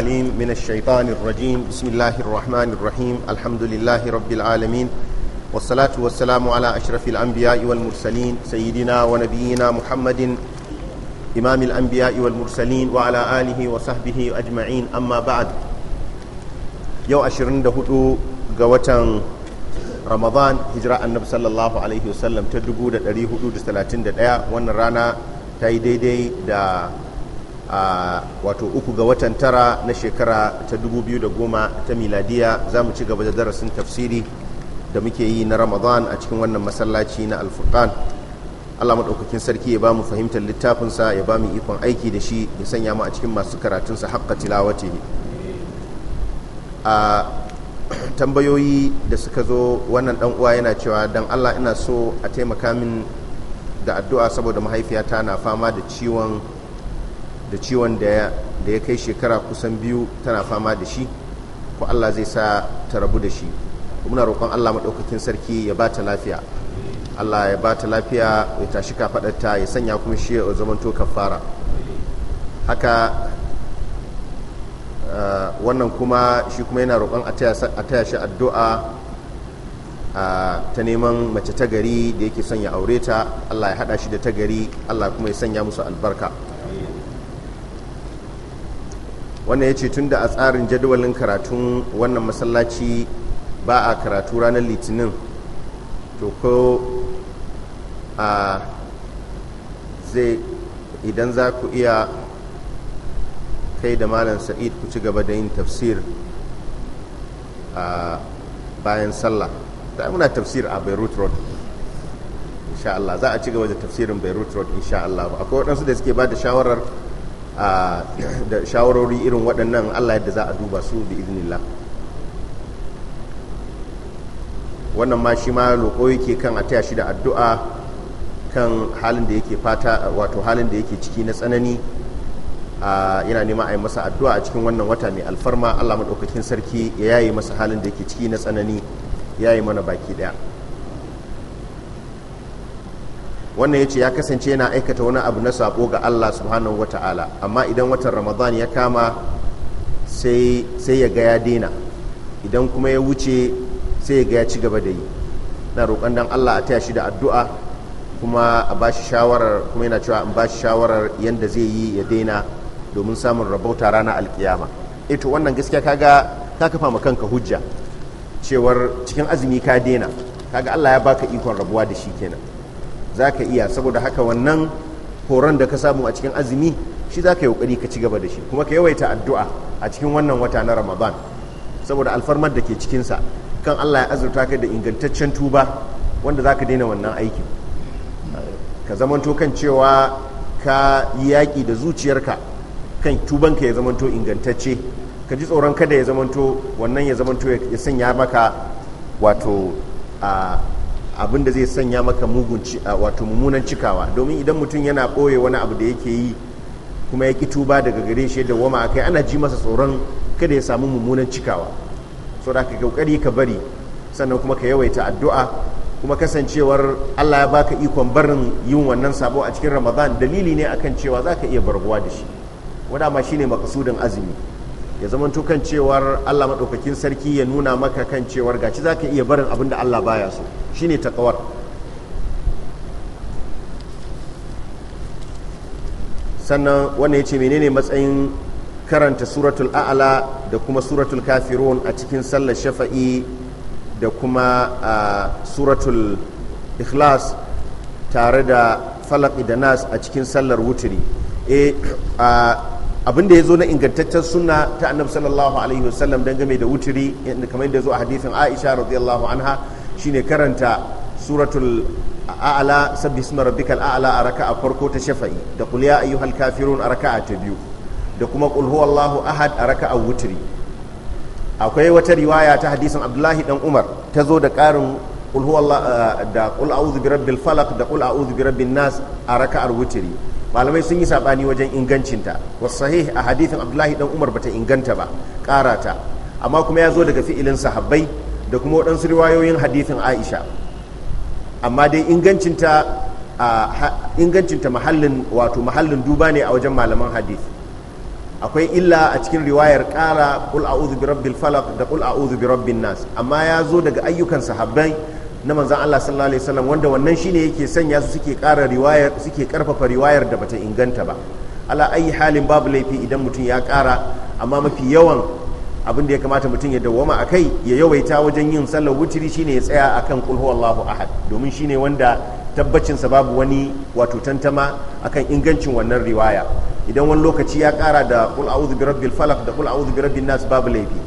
العليم من الشيطان الرجيم بسم الله الرحمن الرحيم الحمد لله رب العالمين والصلاة والسلام على أشرف الأنبياء والمرسلين سيدنا ونبينا محمد إمام الأنبياء والمرسلين وعلى آله وصحبه أجمعين أما بعد يو أشرن دهدو قوة رمضان هجرة النبي صلى الله عليه وسلم تدقو دا دريه دا سلاتين دا وانا رانا تايدي دي دا wato uku ga watan tara na shekara ta 2010 ta miladiya za mu ci gaba da darasin tafsiri da muke yi na ramadan a cikin wannan masallaci na alfurkan allah maɗaukakin sarki ya ba mu fahimtar littafinsa ya ba mu ikon aiki da shi ya sanya mu a cikin masu karatunsa haƙƙa tilawati a tambayoyi da suka zo wannan ɗan uwa yana cewa don allah ina so a taimaka min da addu'a saboda mahaifiyata na fama da ciwon da ciwon da ya kai shekara kusan biyu tana fama da shi ko Allah zai sa ta rabu da shi muna roƙon Allah maɗaukakin sarki ya ba ta lafiya Allah ya ba ta lafiya ya tashi kafaɗarta ya sanya kuma shi ya zama ka kafara haka eh, wannan kuma shi kuma yana roƙon a taya shi addu'a ta neman mace ta gari da yake son ya aure ta Allah ya haɗa shi da ta gari Allah kuma ya sanya musu albarka wannan ya ce tun da a tsarin jadawalin karatun wannan masallaci ba a karatu ranar litinin to ko a zai idan za ku iya kai da malam sa'id ku ci gaba da yin tafsir a bayan sallah da muna tafsir a beirut road insha za a ci gaba da tafsirin beirut road insha Allah akwai waɗansu da suke ba da shawarar da shawarori irin waɗannan allah yadda za a duba su da la. wannan ma shi ma roƙo yake kan a taya shi da addu'a kan halin da yake fata wato halin da yake ciki na tsanani yana nema a yi masa addu'a a cikin wannan wata mai alfarma allah maɗaukakin sarki ya yayi masa halin da yake ciki na tsanani ya yi mana baki ɗaya wannan ya ce ya kasance yana aikata wani abu na sabo ga allah subhanahu wa ta'ala amma idan watan ramadan ya kama sai ya ga ya daina idan kuma ya wuce sai ya ga ci gaba da yi na roƙon dan allah a taya shi da addu'a kuma a ba shi shawarar kuma yana cewa in ba shi shawarar yadda zai yi ya daina domin samun rabauta ranar alkiyama ito eh wannan gaskiya kaga ka kafa ma kanka hujja cewar cikin azumi ka daina kaga allah ya baka ikon rabuwa da shi kenan za ka iya saboda haka wannan horon da ka samu a cikin azumi shi za ka yi ƙoƙari ka ci gaba da shi kuma ka yawaita addu'a a cikin wannan wata na ramadan saboda alfarmar da ke cikinsa kan allah ya azurta ka da ingantaccen tuba wanda za ka daina wannan aikin ka zamanto kan cewa ka yi yaƙi da zuciyarka kan tubanka ya zamanto ingantacce ka ji tsoron kada ya zamanto wannan ya zamanto ya sanya maka wato abin da zai sanya maka mugun wato mummunan cikawa domin idan mutum yana ɓoye wani abu da yake yi kuma ya ki tuba daga gare shi da wama akai ana ji masa tsoron kada ya samu mummunan cikawa so da ka kokari ka bari sannan kuma ka yawaita addu'a kuma kasancewar Allah ya baka ikon barin yin wannan sabo a cikin Ramadan dalili ne akan cewa zaka iya barbuwa da shi wanda ma shine makasudin azumi ya zamanto kan cewar Allah maɗaukakin sarki ya nuna maka kan cewar gaci za ka iya barin abin da Allah baya so shine takawar sannan wannan ya ce menene matsayin karanta suratul a'ala da kuma suratul kafirun a cikin sallar shafa'i da kuma suratul ikhlas tare da falak da nas a cikin sallar wuturi eh, a abin da ya zo na ingantaccen sunna ta annabi sallallahu alaihi wasallam game da wuturi kamar yadda zo a hadisin aisha radiyallahu anha shine karanta suratul a'la sabbi isma rabbikal a'la a raka'a farko ta shafa'i da qul ya ayyuhal kafirun a raka'a ta biyu da kuma qul huwallahu ahad a raka'a wuturi akwai wata riwaya ta hadisin abdullahi dan umar ta zo da ƙarin qul da qul a'udhu bi falaq da qul a'udhu bi nas a raka'ar wuturi malamai sun yi sabani wajen ingancinta wasu sahih a hadithin abdullahi dan umar bata inganta ba karata amma kuma ya zo daga fi'ilin sahabbai da kuma waɗansu riwayoyin hadithin aisha amma dai ingancinta ingancinta mahallin wato mahallin duba ne a wajen malaman hadith akwai illa a cikin riwayar kara qul a'udhu bi rabbil falaq da qul a'udhu bi rabbin nas amma ya zo daga ayyukan sahabbai na manzan Allah sallallahu alaihi wasallam wanda wannan shine yake sanya su suke ƙara riwayar suke ƙarfafa riwayar da bata inganta ba ala ayi halin babu laifi idan mutum ya ƙara amma mafi yawan abin da ya kamata mutum ya dawwama a kai ya yawaita wajen yin sallar wutiri shine ya tsaya akan qul huwallahu ahad domin shine wanda tabbacin sa babu wani wato tantama akan ingancin wannan riwaya idan wani lokaci ya ƙara da qul a'udhu birabbil falaq da qul a'udhu nas babu laifi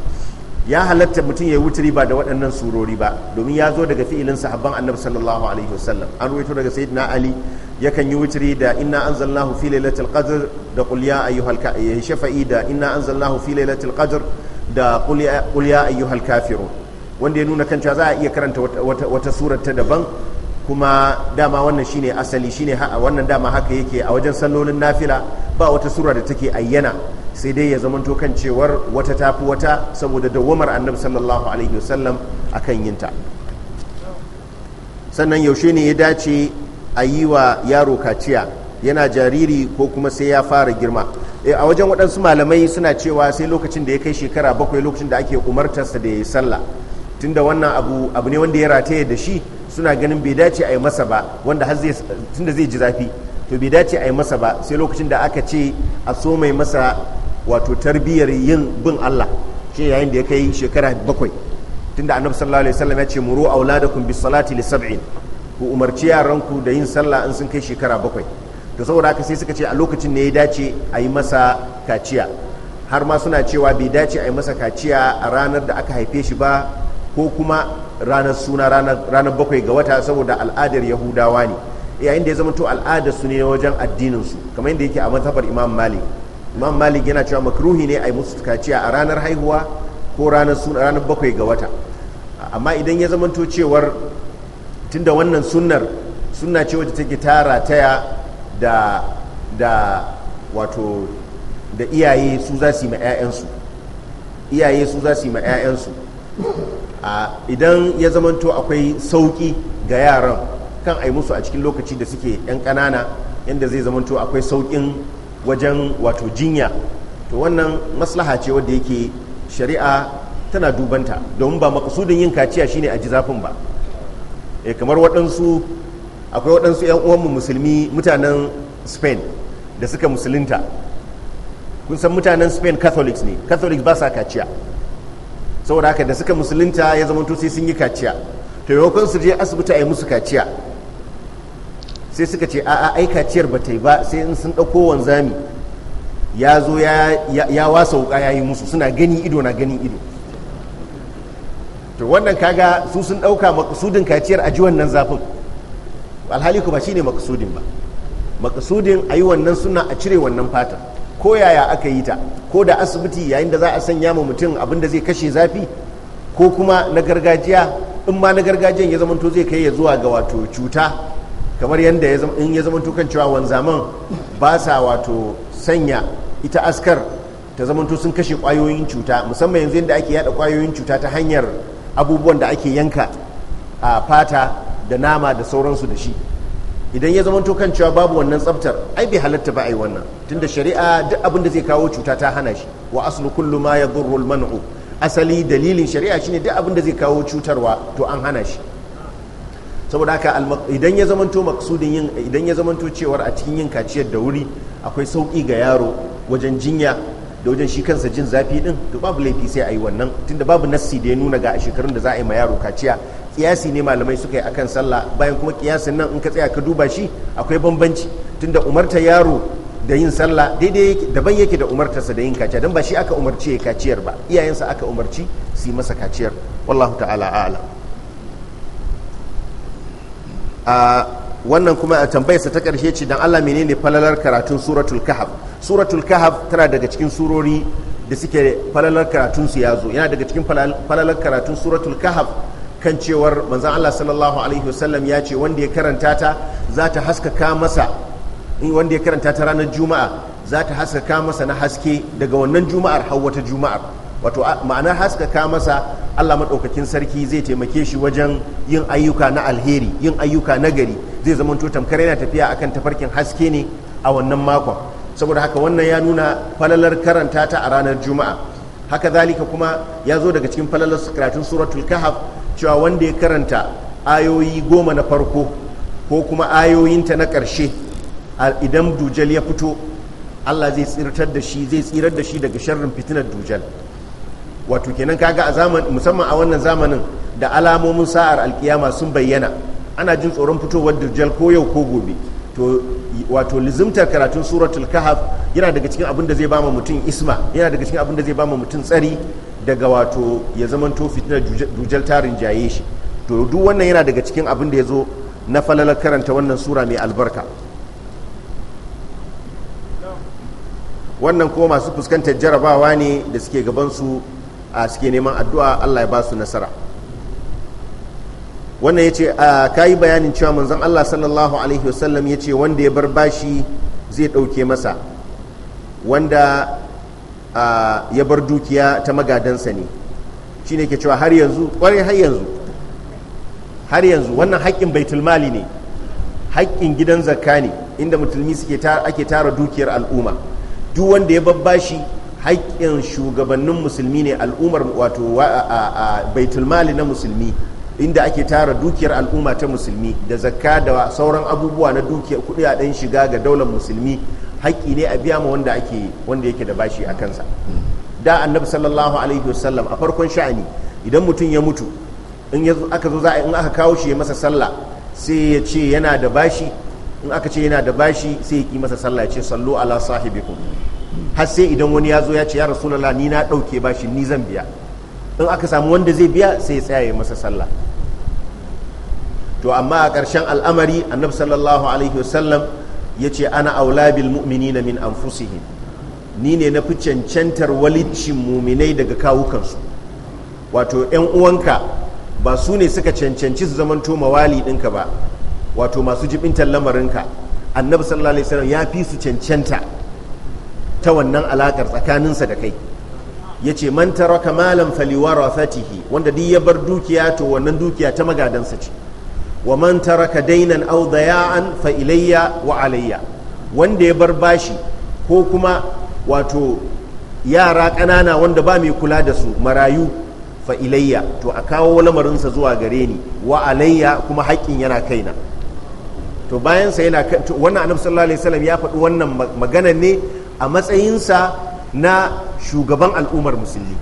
ya halatta mutum ya yi wuturi ba da waɗannan surori ba domin ya zo daga fi'ilin sahabban annabi sallallahu alaihi wasallam an ruwaito daga sayyidina ali yakan yi wuturi da inna anzalnahu fi lailatul qadr da qul ya ayyuhal ya eh, shafa'i da inna anzalnahu fi lailatul qadr da qul ya ayyuhal kafirun wanda ya nuna kanta za a iya karanta wata wata surar ta daban kuma dama wannan shine asali shine wannan dama haka yake a wajen sallolin nafila ba wata sura da take ayyana sai dai ya zamanto kan cewar wata tafi wata saboda dawwamar annabi sallallahu alaihi wasallam akan yinta sannan yaushe ne ya dace a yi wa yaro kaciya yana jariri ko kuma sai ya fara girma eh, a wajen waɗansu malamai suna cewa sai lokacin da ya kai shekara bakwai lokacin da ake umartarsa da ya yi sallah tunda wannan abu abu ne wanda ya rataye da shi suna ganin bai dace a yi masa ba wanda har zai zai ji zafi to bai dace a yi masa ba sai lokacin da aka ce a so mai masa wato tarbiyyar yin bin Allah shi yayin da ya kai shekara bakwai tunda annabi sallallahu alaihi wasallam ya ce muru auladakum bis salati li sab'in ku umarci yaranku da yin sallah in sun kai shekara bakwai to saboda haka sai suka ce a lokacin ne ya dace a yi masa kaciya har ma suna cewa bai dace a yi masa kaciya a ranar da aka haife shi ba ko kuma ranar suna ranar bakwai ga wata saboda al'adar yahudawa ne yayin da ya zama to al'adar su ne wajen addinin su kamar yadda yake a mazhabar imam malik imam malik yana cewa makruhi ne a yi musu kaciya a ranar haihuwa ko ranar suna ranar bakwai ga wata amma idan ya to cewar tunda wannan sunnar sunna ce wadda take tara taya da da wato da iyaye su za su yi ma 'ya'yansu iyaye su za su yi ma 'ya'yansu idan ya zamanto akwai sauki ga yaran kan a musu a cikin lokaci da suke 'yan ƙanana yadda zai zamanto akwai saukin wajen wato jinya to wannan maslaha ce wadda yake shari'a tana dubanta domin ba makasudin yin kaciya shine a ji zafin ba e kamar waɗansu akwai waɗansu 'yan uwanmu musulmi mutanen spain da suka musulunta kun san mutanen spain catholics ne catholics ba sa kaciya saboda haka da suka musulunta ya zama sai sun yi kaciya to yawakon su je asibiti a yi musu kaciya sai suka ce a ai kaciyar ba ta yi ba sai in sun ɗauko wanzami ya zo ya wasa wuka ya yi musu suna gani ido na ganin ido to wannan kaga su sun ɗauka makasudin kaciyar a ji wannan zafin alhali kuma shine makasudin ba makasudin a yi wannan suna a cire wannan fatan ko yaya aka yi ta ko da asibiti yayin da za a sanya ma mutum abin da zai kashe zafi ko kuma na gargajiya in ma na gargajiyan ya zamanto zai kai ya zuwa ga wato cuta kamar yadda in ya zama tukan cewa wanzaman ba sa wato sanya ita askar ta zamanto sun kashe kwayoyin cuta musamman yanzu yadda ake yada kwayoyin cuta ta hanyar abubuwan da ake yanka a fata da nama da sauransu da shi idan ya zamanto kan cewa babu wannan tsaftar ai bai halatta ba ai wannan tunda shari'a duk abin da zai kawo cuta ta hana shi wa aslu kullu ma yadurru al man'u asali dalilin shari'a shine duk abin da zai kawo cutarwa to an hana shi saboda haka idan ya zamanto maksudin yin idan ya zamanto cewar a cikin yin kaciyar da wuri akwai sauki ga yaro wajen jinya da wajen shi kansa jin zafi din to babu laifi sai a yi wannan tunda babu nassi da ya nuna ga a shekarun da za a yi ma yaro kaciya kiyasi ne malamai suka yi akan sallah bayan kuma kiyasin nan in ka tsaya ka duba shi akwai bambanci tunda umarta yaro da yin sallah daidai daban yake da umartarsa da yin kaciya don ba shi aka umarci ya kaciyar ba iyayensa aka umarci su yi masa kaciyar wallahu ta'ala a'lam a wannan kuma a tambayarsa ta ƙarshe ce don Allah menene falalar karatun suratul kahab suratul kahab tana daga cikin surori da suke falalar karatun su yazo yana daga cikin falalar karatun suratul kahab kan cewar manzon Allah sallallahu alaihi wasallam ya ce wanda ya karanta ta za ta haskaka masa wanda ya karanta ta ranar juma'a za ta haskaka masa na haske daga wannan juma'ar har wata juma'ar wato ma'ana haskaka masa Allah maɗaukakin sarki zai taimake shi wajen yin ayyuka na alheri yin ayyuka na gari zai zama to tamkar yana tafiya akan tafarkin haske ne a wannan makon saboda haka wannan ya nuna falalar karanta ta a ranar juma'a haka zalika kuma ya zo daga cikin falalar karatun suratul kahaf cewa wanda ya karanta ayoyi goma na farko ko kuma ayoyinta na ƙarshe idan dujal ya fito Allah zai tsirtar da shi zai tsirar da shi daga sharrin fitinar dujal wato kenan kaga a zaman musamman a wannan zamanin da alamomin sa'ar alkiyama sun bayyana ana jin tsoron fitowar dirjal ko yau ko gobe to wato lizimtar karatun suratul kahaf yana daga cikin abin da zai bama mutum isma yana daga cikin abin da zai bama mutum tsari daga wato ya to fitnar dujal tarin jaye shi to duk wannan yana daga cikin abin da ya zo na falalar karanta wannan sura mai albarka wannan ko masu fuskantar jarabawa ne da suke gabansu a suke neman addu'a Allah ya ba su nasara wannan ya ce ka yi bayanin cewa manzon Allah sallallahu alaihi wasallam ya ce wanda ya bar bashi zai ɗauke masa wanda ya bar dukiya ta magadansa ne shi ne ke cewa har yanzu ƙwarai har yanzu har yanzu wannan haƙƙin baitulmali ne haƙƙin gidan zakka ne inda mutulmi suke ake tara dukiyar al'umma duk wanda ya babbashi haƙƙin shugabannin musulmi ne al'ummar wato baitulmali na musulmi inda ake tara dukiyar al'umma ta musulmi da zakka da sauran abubuwa na dukiyar ɗan shiga ga daular musulmi haƙƙi ne a biya ma wanda ake wanda yake da bashi a kansa da annabi sallallahu alaihi wasallam a farkon sha'ani idan mutum ya mutu in aka zo za in aka kawo shi ya masa sallah sai ya ce yana da bashi in aka ce yana da bashi sai ya ki masa sallah ya ce sallu ala sahibikum har sai idan wani ya zo ya ce ya rasulullah ni na ɗauke bashi ni zan biya in aka samu wanda zai biya sai ya tsaya masa sallah to amma a ƙarshen al'amari annabi sallallahu alaihi wasallam ya ce ana aula bil mu'minina min anfusihim ni ne na fi cancantar walicin muminai daga kawukansu wato 'yan uwanka ba su ne suka cancanci su zamanto mawali dinka ba wato masu jibintar lamarinka annabi sallallahu alaihi wasallam ya fi su cancanta ta wannan alaƙar tsakaninsa da kai ya ce man taraka malam faliwara fatihi wanda duk ya bar dukiya to wannan dukiya ta magadansa ce wa man taraka dainan au daya'an fa ilayya wa alayya wanda ya bar bashi ko kuma wato yara ƙanana wanda ba mai kula da su marayu fa ilayya to a kawo lamarinsa zuwa gare ni wa alayya kuma haƙƙin yana kaina to bayan sa yana wannan annabi sallallahu alaihi wasallam ya faɗi wannan magana ne a matsayinsa na shugaban al'ummar musulmi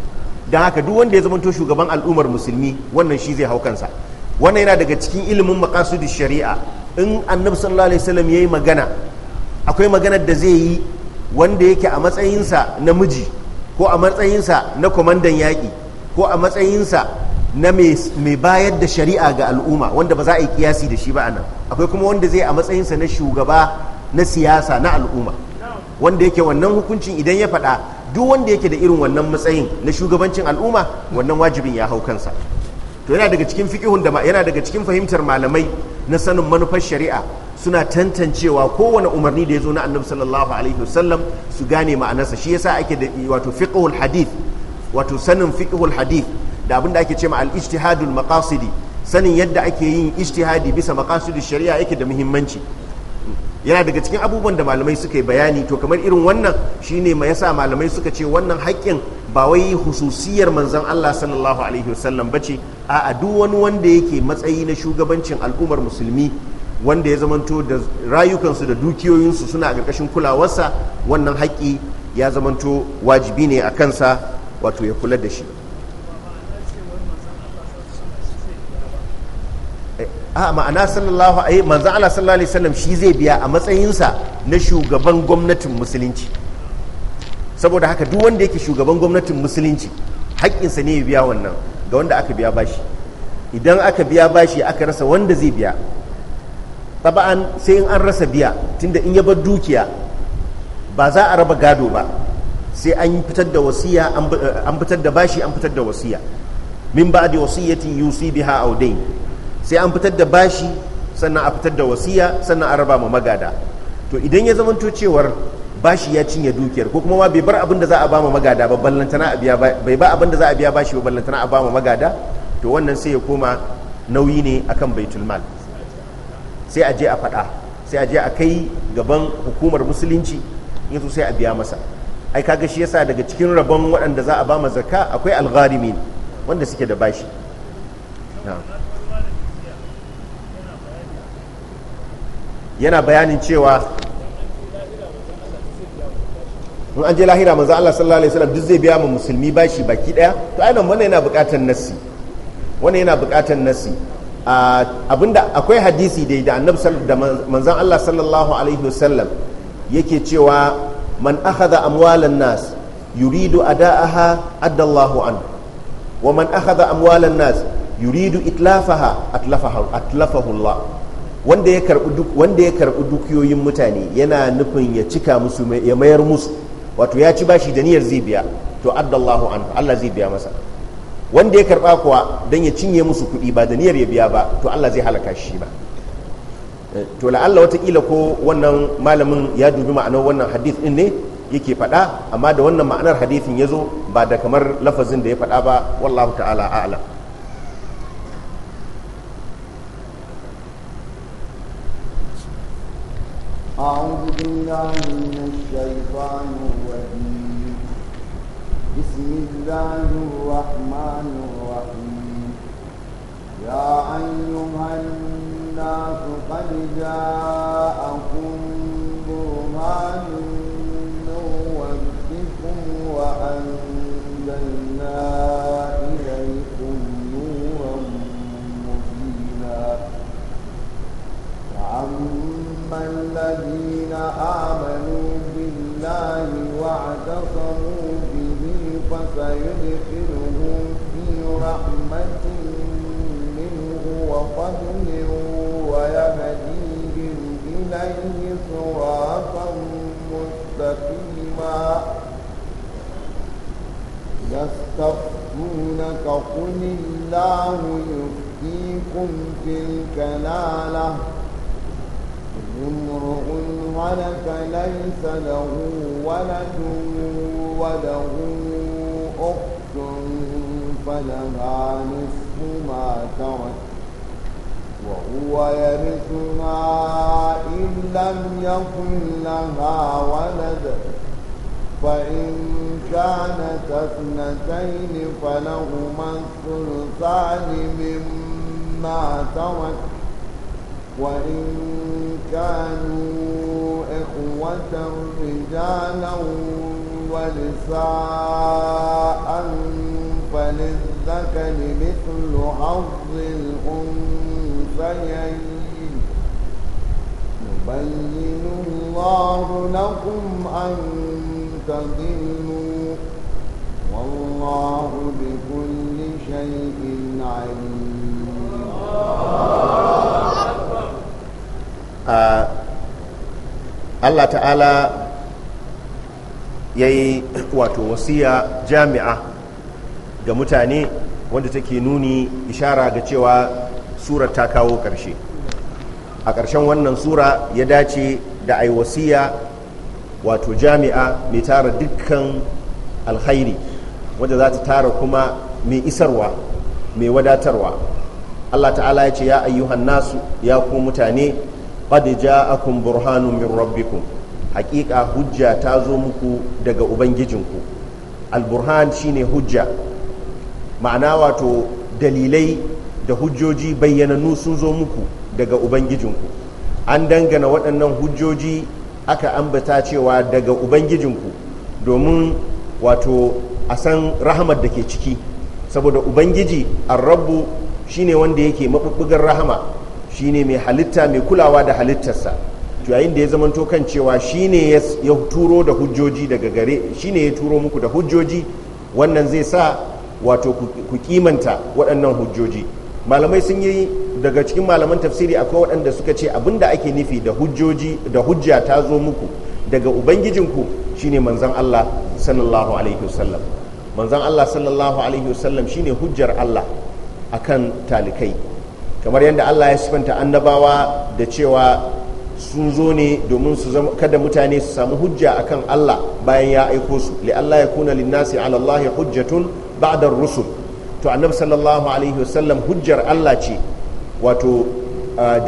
don haka duk wanda ya zamanto shugaban al'ummar musulmi wannan shi zai haukansa. kansa wannan yana daga cikin ilimin maqasudi shari'a in annabi sallallahu alaihi wasallam yayi magana akwai maganar da zai yi wanda yake a matsayinsa na miji ko a matsayinsa na kwamandan yaƙi ko a matsayinsa na mai bayar da shari'a ga al'umma wanda ba za a yi kiyasi da shi ba anan akwai kuma wanda zai a matsayinsa na shugaba na siyasa na al'umma wanda yake wannan hukuncin idan ya faɗa duk wanda yake da irin wannan matsayin na shugabancin al'umma wannan wajibin ya hau kansa to yana daga cikin fikihun da yana daga cikin fahimtar malamai na sanin manufar shari'a suna tantancewa kowane umarni da ya zo na annabi sallallahu alaihi wasallam su gane ma'anarsa shi yasa ake da wato fiqhul hadith wato sanin fiqhul hadith da abin da ake cewa al-ijtihadul maqasidi sanin yadda ake yin ijtihadi bisa maqasidi shari'a yake da muhimmanci yana daga cikin abubuwan da malamai suka yi bayani to kamar irin wannan shine mai yasa malamai suka ce wannan haƙƙin ba wai hususiyar manzon Allah sallallahu alaihi wasallam bace a duk wani wanda yake matsayi na shugabancin al'ummar musulmi wanda ya zamanto da rayukansu da dukiyoyinsu suna a ƙarƙashin kulawarsa wannan haƙƙi ya zamanto wajibi ne a kansa wato ya kula da shi a ma'ana sallallahu alaihi manzo ala sallallahu alaihi wasallam shi zai biya a matsayinsa na shugaban gwamnatin musulunci saboda haka duk wanda yake shugaban gwamnatin musulunci haƙƙinsa ne ya biya wannan ga wanda aka biya bashi idan aka biya bashi aka rasa wanda zai biya taba'an sai in an rasa biya tunda in ya bar dukiya ba za a raba gado ba sai an fitar da wasiya an fitar da bashi an fitar da wasiya min ba'di wasiyati yusi biha audain sai an fitar da bashi sannan a fitar da wasiya sannan a raba ma magada to idan ya zama cewar bashi ya cinye dukiyar ko kuma ma bai bar abin da za a ba ma magada ba ballantana a biya bai ba abin da za a biya bashi ba ballantana a ba ma magada to wannan sai ya koma nauyi ne akan baitul mal sai a je a faɗa sai a je a kai gaban hukumar musulunci yanzu sai a biya masa ai kaga shi yasa daga cikin rabon waɗanda za a ba ma zakka akwai algharimin wanda suke da bashi na'am yana bayanin cewa in an je lahira manzo Allah sallallahu alaihi wasallam duk zai biya mu musulmi bashi baki daya to ai nan wannan yana buƙatar nasi wannan yana buƙatar nassi abinda akwai hadisi dai da annabi da manzan Allah sallallahu alaihi wasallam yake cewa man akhadha amwalan nas yuridu ada'aha adallahu an wa man akhadha amwalan nas yuridu itlafaha atlafahu atlafahu Allah wanda ya karbi duk wanda ya karbi dukiyoyin mutane yana nufin ya cika musu ya mayar musu wato ya ci bashi da niyyar zai biya to addallahu an Allah zai biya masa wanda ya karba kuwa dan ya cinye musu kuɗi ba da niyyar ya biya ba to Allah zai halaka shi ba eh, to la'alla wataƙila ko wannan malamin ya dubi ma'anar wannan hadith din ne yake faɗa amma da wannan ma'anar hadithin ya zo ba da kamar lafazin da ya faɗa ba wallahu ta'ala a'lam أعوذ بالله من الشيطان الرجيم بسم الله الرحمن الرحيم يا أيها الناس قد جاءكم برهان من ربكم وأنزلنا إليكم نورا مبينا فَأَمَّا الَّذِينَ آمَنُوا بِاللَّهِ وَاعْتَصَمُوا بِهِ فَسَيُدْخِلُهُمْ فِي رَحْمَةٍ مِّنْهُ وَفَضْلٍ وَيَهْدِيهِمْ إِلَيْهِ صِرَاطًا مُّسْتَقِيمًا يستفتونك قل الله يفتيكم في الكلاله امرؤ عنك ليس له ولد وله أخت فلها نصف ما ترك وهو يرثها إن لم يكن لها ولد فإن كانت اثنتين فلهما الثلثان مما ترك وإن كانوا إخوة رجالا ونساء فللذكر مثل حظ الأنثيين يبين الله لكم أن تضلوا والله بكل شيء عليم Allah ta'ala ya yi wato wasiya jami'a ga mutane wanda take nuni ishara ga cewa sura ta kawo ƙarshe a ƙarshen wannan sura ya dace da ai wasiya wato jami'a mai tara dukkan alkhairi wanda za ta tara kuma mai isarwa mai wadatarwa Allah ta'ala ya ce ya ayyuhan nasu ya ku mutane qad akun burhanu min rabbikum hakika hujja ta zo muku daga ubangijinku alburhan shine hujja ma'ana wato dalilai da hujjoji bayyananu sun zo muku daga ubangijinku an dangana waɗannan hujjoji aka ambata cewa daga ubangijinku domin wato a san rahamar da ke ciki saboda ubangiji arrabu shine wanda yake maɓuɓɓugar rahama shine mai halitta mai kulawa da halittarsa to yayin da ya zamanto kan cewa shine ya turo da hujjoji daga gare shine ya turo muku da hujjoji wannan zai sa wato ku kimanta waɗannan hujjoji malamai sun yi daga cikin malaman tafsiri akwai waɗanda suka ce abinda ake nufi da hujjoji da hujja ta zo muku daga ubangijinku shine manzan Allah sallallahu alaihi wasallam Manzan Allah sallallahu alaihi wasallam shine hujjar Allah akan talikai kamar yadda Allah ya sifanta annabawa da cewa sun zo ne domin su zama kada mutane su samu hujja akan Allah bayan ya aiko su li Allah ya kuna linnasi ala Allah hujjatun ba'da rusul to annabi sallallahu alaihi wasallam hujjar Allah ce wato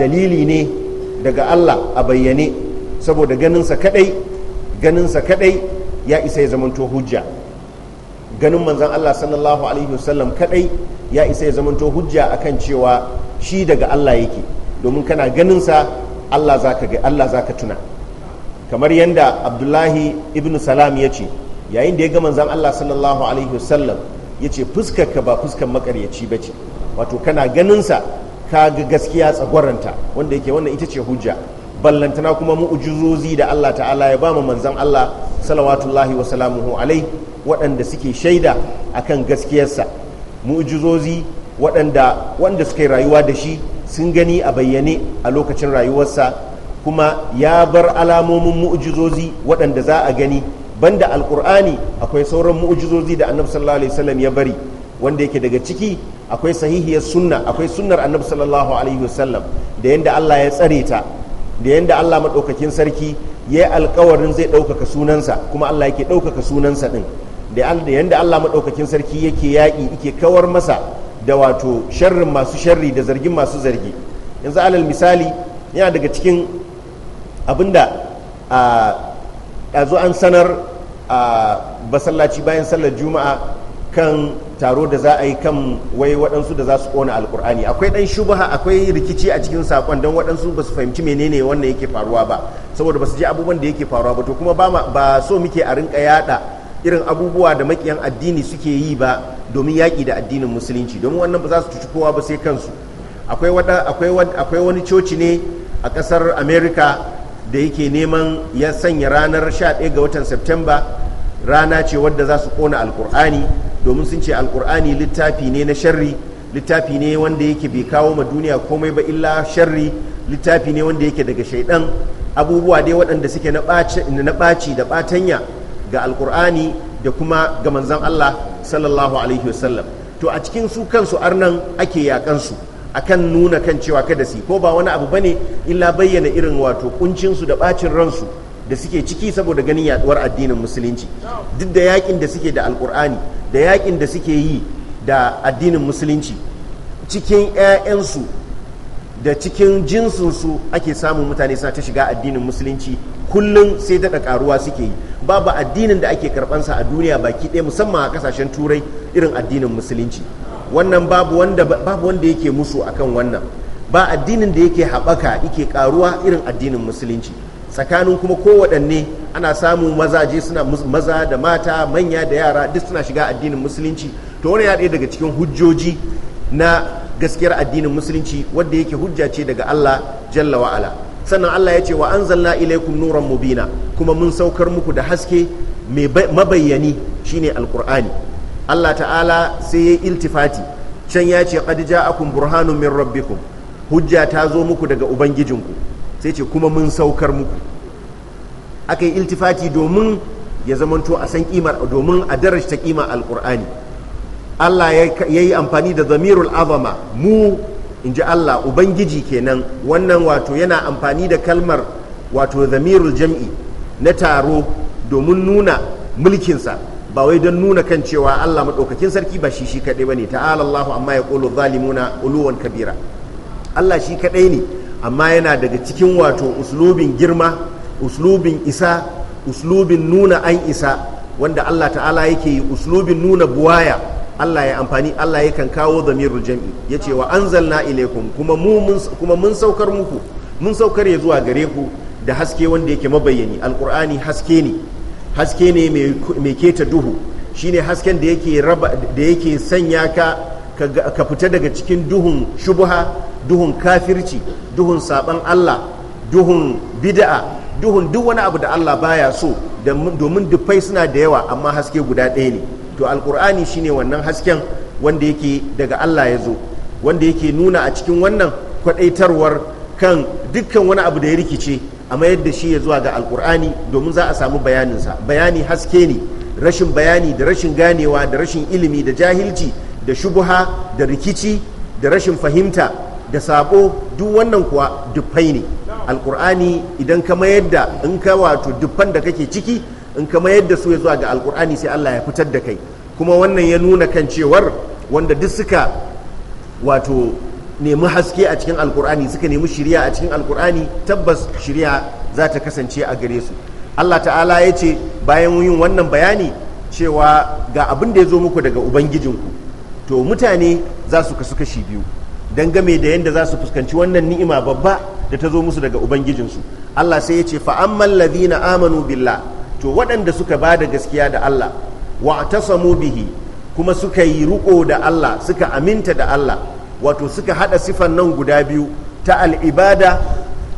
dalili ne daga Allah a bayyane saboda ganinsa kadai ganinsa kadai ya isa ya zamanto hujja ganin manzon Allah sallallahu alaihi wasallam kadai ya isa ya zamanto hujja akan cewa shi daga Allah yake domin kana ganin sa Allah zaka ga Allah zaka tuna kamar yadda Abdullahi ibn Salam ya ce yayin da ya ga manzon Allah sallallahu alaihi wasallam ya ce fuskar ka ba fuskar makaryaci bace wato kana ganin sa ka ga gaskiya tsagwaranta wanda yake wannan ita ce hujja ballantana kuma mu'ujizozi da Allah ta'ala ya ba mu manzon Allah salawatullahi wa salamuhu alaihi waɗanda suke shaida akan gaskiyarsa mu'jizozi waɗanda wanda suka yi rayuwa da shi sun gani a bayyane a lokacin rayuwarsa kuma ya bar alamomin mu'jizozi waɗanda za a gani banda alkur'ani akwai sauran mu'jizozi da annabi sallallahu alaihi wasallam ya bari wanda yake daga ciki akwai sahihiyar sunna akwai sunnar annabi sallallahu alaihi wasallam da yanda Allah ya tsare ta da yanda Allah madaukakin sarki ya yi alkawarin zai ɗaukaka sunansa kuma Allah yake ɗaukaka sunansa ɗin da yadda Allah maɗaukakin sarki yake yaƙi yake kawar masa da wato sharrin masu sharri da zargin masu zargi yanzu alal misali yana daga cikin abinda a ɗazu an sanar a basallaci bayan sallar juma'a kan taro da za a yi kan wai waɗansu da za su ƙona alƙur'ani akwai ɗan shubaha akwai rikici a cikin saƙon don waɗansu ba su fahimci menene wannan yake faruwa ba saboda ba su ji abubuwan da yake faruwa ba to kuma ba so muke a rinka yaɗa irin abubuwa da makiyan addini suke yi ba domin yaƙi da addinin musulunci domin wannan ba za su cuci kowa ba sai kansu akwai wani coci ne a ƙasar america da yake neman ya sanya ranar 11 ga watan september rana ce wadda za su kona alkur'ani domin sun ce alkur'ani littafi ne na sharri littafi ne wanda yake bai kawo ma duniya komai ba illa sharri littafi ne wanda yake daga shaidan abubuwa dai waɗanda suke na ɓaci da ɓatanya ga alkur'ani da kuma ga manzan Allah sallallahu alaihi wasallam to a cikin su kansu arnan ake yakansu akan nuna kan cewa kada su ko ba wani abu bane illa bayyana irin wato kuncinsu da bacin ransu da suke ciki saboda ganin yaduwar addinin musulunci duk da yakin da suke da alkur'ani da yakin da suke yi da addinin musulunci cikin 'ya'yansu da cikin jinsinsu ake samun mutane suna ta shiga addinin musulunci kullum sai daɗa ƙaruwa suke yi babu addinin da ake karbansa a duniya baki ɗaya musamman a kasashen turai irin addinin musulunci wannan babu wanda babu wanda yake musu akan wannan ba addinin da yake haɓaka yake karuwa irin addinin musulunci tsakanin kuma kowaɗanne ana samun mazaje suna maza da mata manya da yara duk suna shiga addinin musulunci to wani ya ɗaya daga cikin hujjoji na gaskiyar addinin musulunci wadda yake hujja ce daga Allah jalla wa'ala sannan Allah ya ce wa anzalna ilaikum nuran mubina kuma mun saukar muku da haske mai mabayyani shine alqur'ani Allah ta'ala sai yayi iltifati can ya ce qad ja'akum burhanun min rabbikum hujja ta zo muku daga ubangijinku sai ce kuma mun saukar muku aka yi iltifati domin ya zamanto a san kimar domin a darashta kima alqur'ani Allah ya yi amfani da zamirul azama mu in ji Allah ubangiji kenan wannan wato yana amfani da kalmar wato zamirul jam'i na taro domin nuna mulkinsa ba wai don nuna kan cewa Allah maɗaukakin sarki ba shi shi kaɗai ba ne ta'alallahu amma ya ƙolo zalimuna uluwan kabira Allah shi kaɗai ne amma yana daga cikin wato uslubin girma uslubin isa uslubin nuna an isa wanda Allah ta'ala yake yi uslubin nuna buwaya Allah ya amfani Allah ya kan kawo zamirul jam'i yace wa anzalna ilaikum kuma mun saukar muku mun saukar ya zuwa gare ku da haske wanda yake mabayyani alqur'ani haske ne haske ne mai keta duhu shine hasken da yake raba da yake sanya ka ka fita daga cikin duhun shubuha duhun kafirci duhun saban Allah duhun bida'a duhun duk wani abu da Allah baya so domin dufai suna da yawa amma haske guda ɗaya ne to alkur'ani shine wannan hasken wanda yake daga Allah ya zo wanda yake nuna a cikin wannan kwadaitarwar kan dukkan wani abu da ya rikice a mayar da shi ya zuwa ga alkur'ani domin za a samu bayaninsa bayani haske ne rashin bayani da rashin ganewa da rashin ilimi da jahilci da shubuha da rikici da rashin fahimta da sabo duk wannan kuwa dufai ne alkur'ani idan ka mayar da in ka wato dufan da kake ciki in kama yadda su ya zuwa ga alkur'ani sai Allah ya fitar da kai kuma wannan ya nuna kan cewar wanda duk suka wato nemi haske a cikin alkur'ani suka nemi shirya a cikin alkur'ani tabbas shirya za ta kasance a gare su Allah ta'ala ya ce bayan yin wannan bayani cewa ga abin da ya zo muku daga ubangijinku to mutane za su kasu kashi biyu don game da yadda za su fuskanci wannan ni'ima babba da ta zo musu daga ubangijinsu Allah sai ya ce fa'amman ladina amanu billah to waɗanda suka ba da gaskiya da Allah wa samu bihi kuma suka yi riko da Allah suka aminta da Allah wato suka hada sifan nan guda biyu ta al'ibada